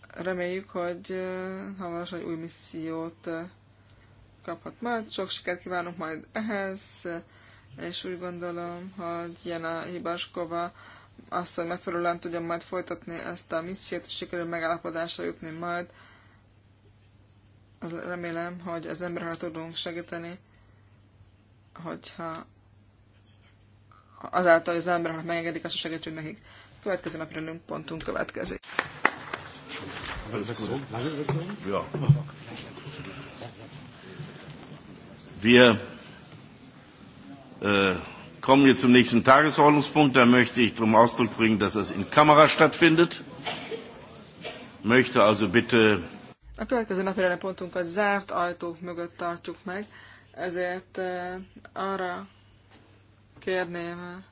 reméljük, hogy hamarosan egy új missziót kaphat majd. Sok sikert kívánunk majd ehhez, és úgy gondolom, hogy Jana Hibaskova azt, hogy megfelelően tudja majd folytatni ezt a missziót, és sikerül megállapodásra jutni majd. Remélem, hogy az emberre tudunk segíteni, hogyha azáltal, hogy az emberek megengedik, azt segítsünk nekik. Következő napi pontunk következik. Wir äh, kommen jetzt zum nächsten Tagesordnungspunkt. Da möchte ich zum Ausdruck bringen, dass das in Kamera stattfindet. Möchte also bitte. A következő napi pontunkat zárt ajtók mögött tartjuk meg, ezért äh, arra kérném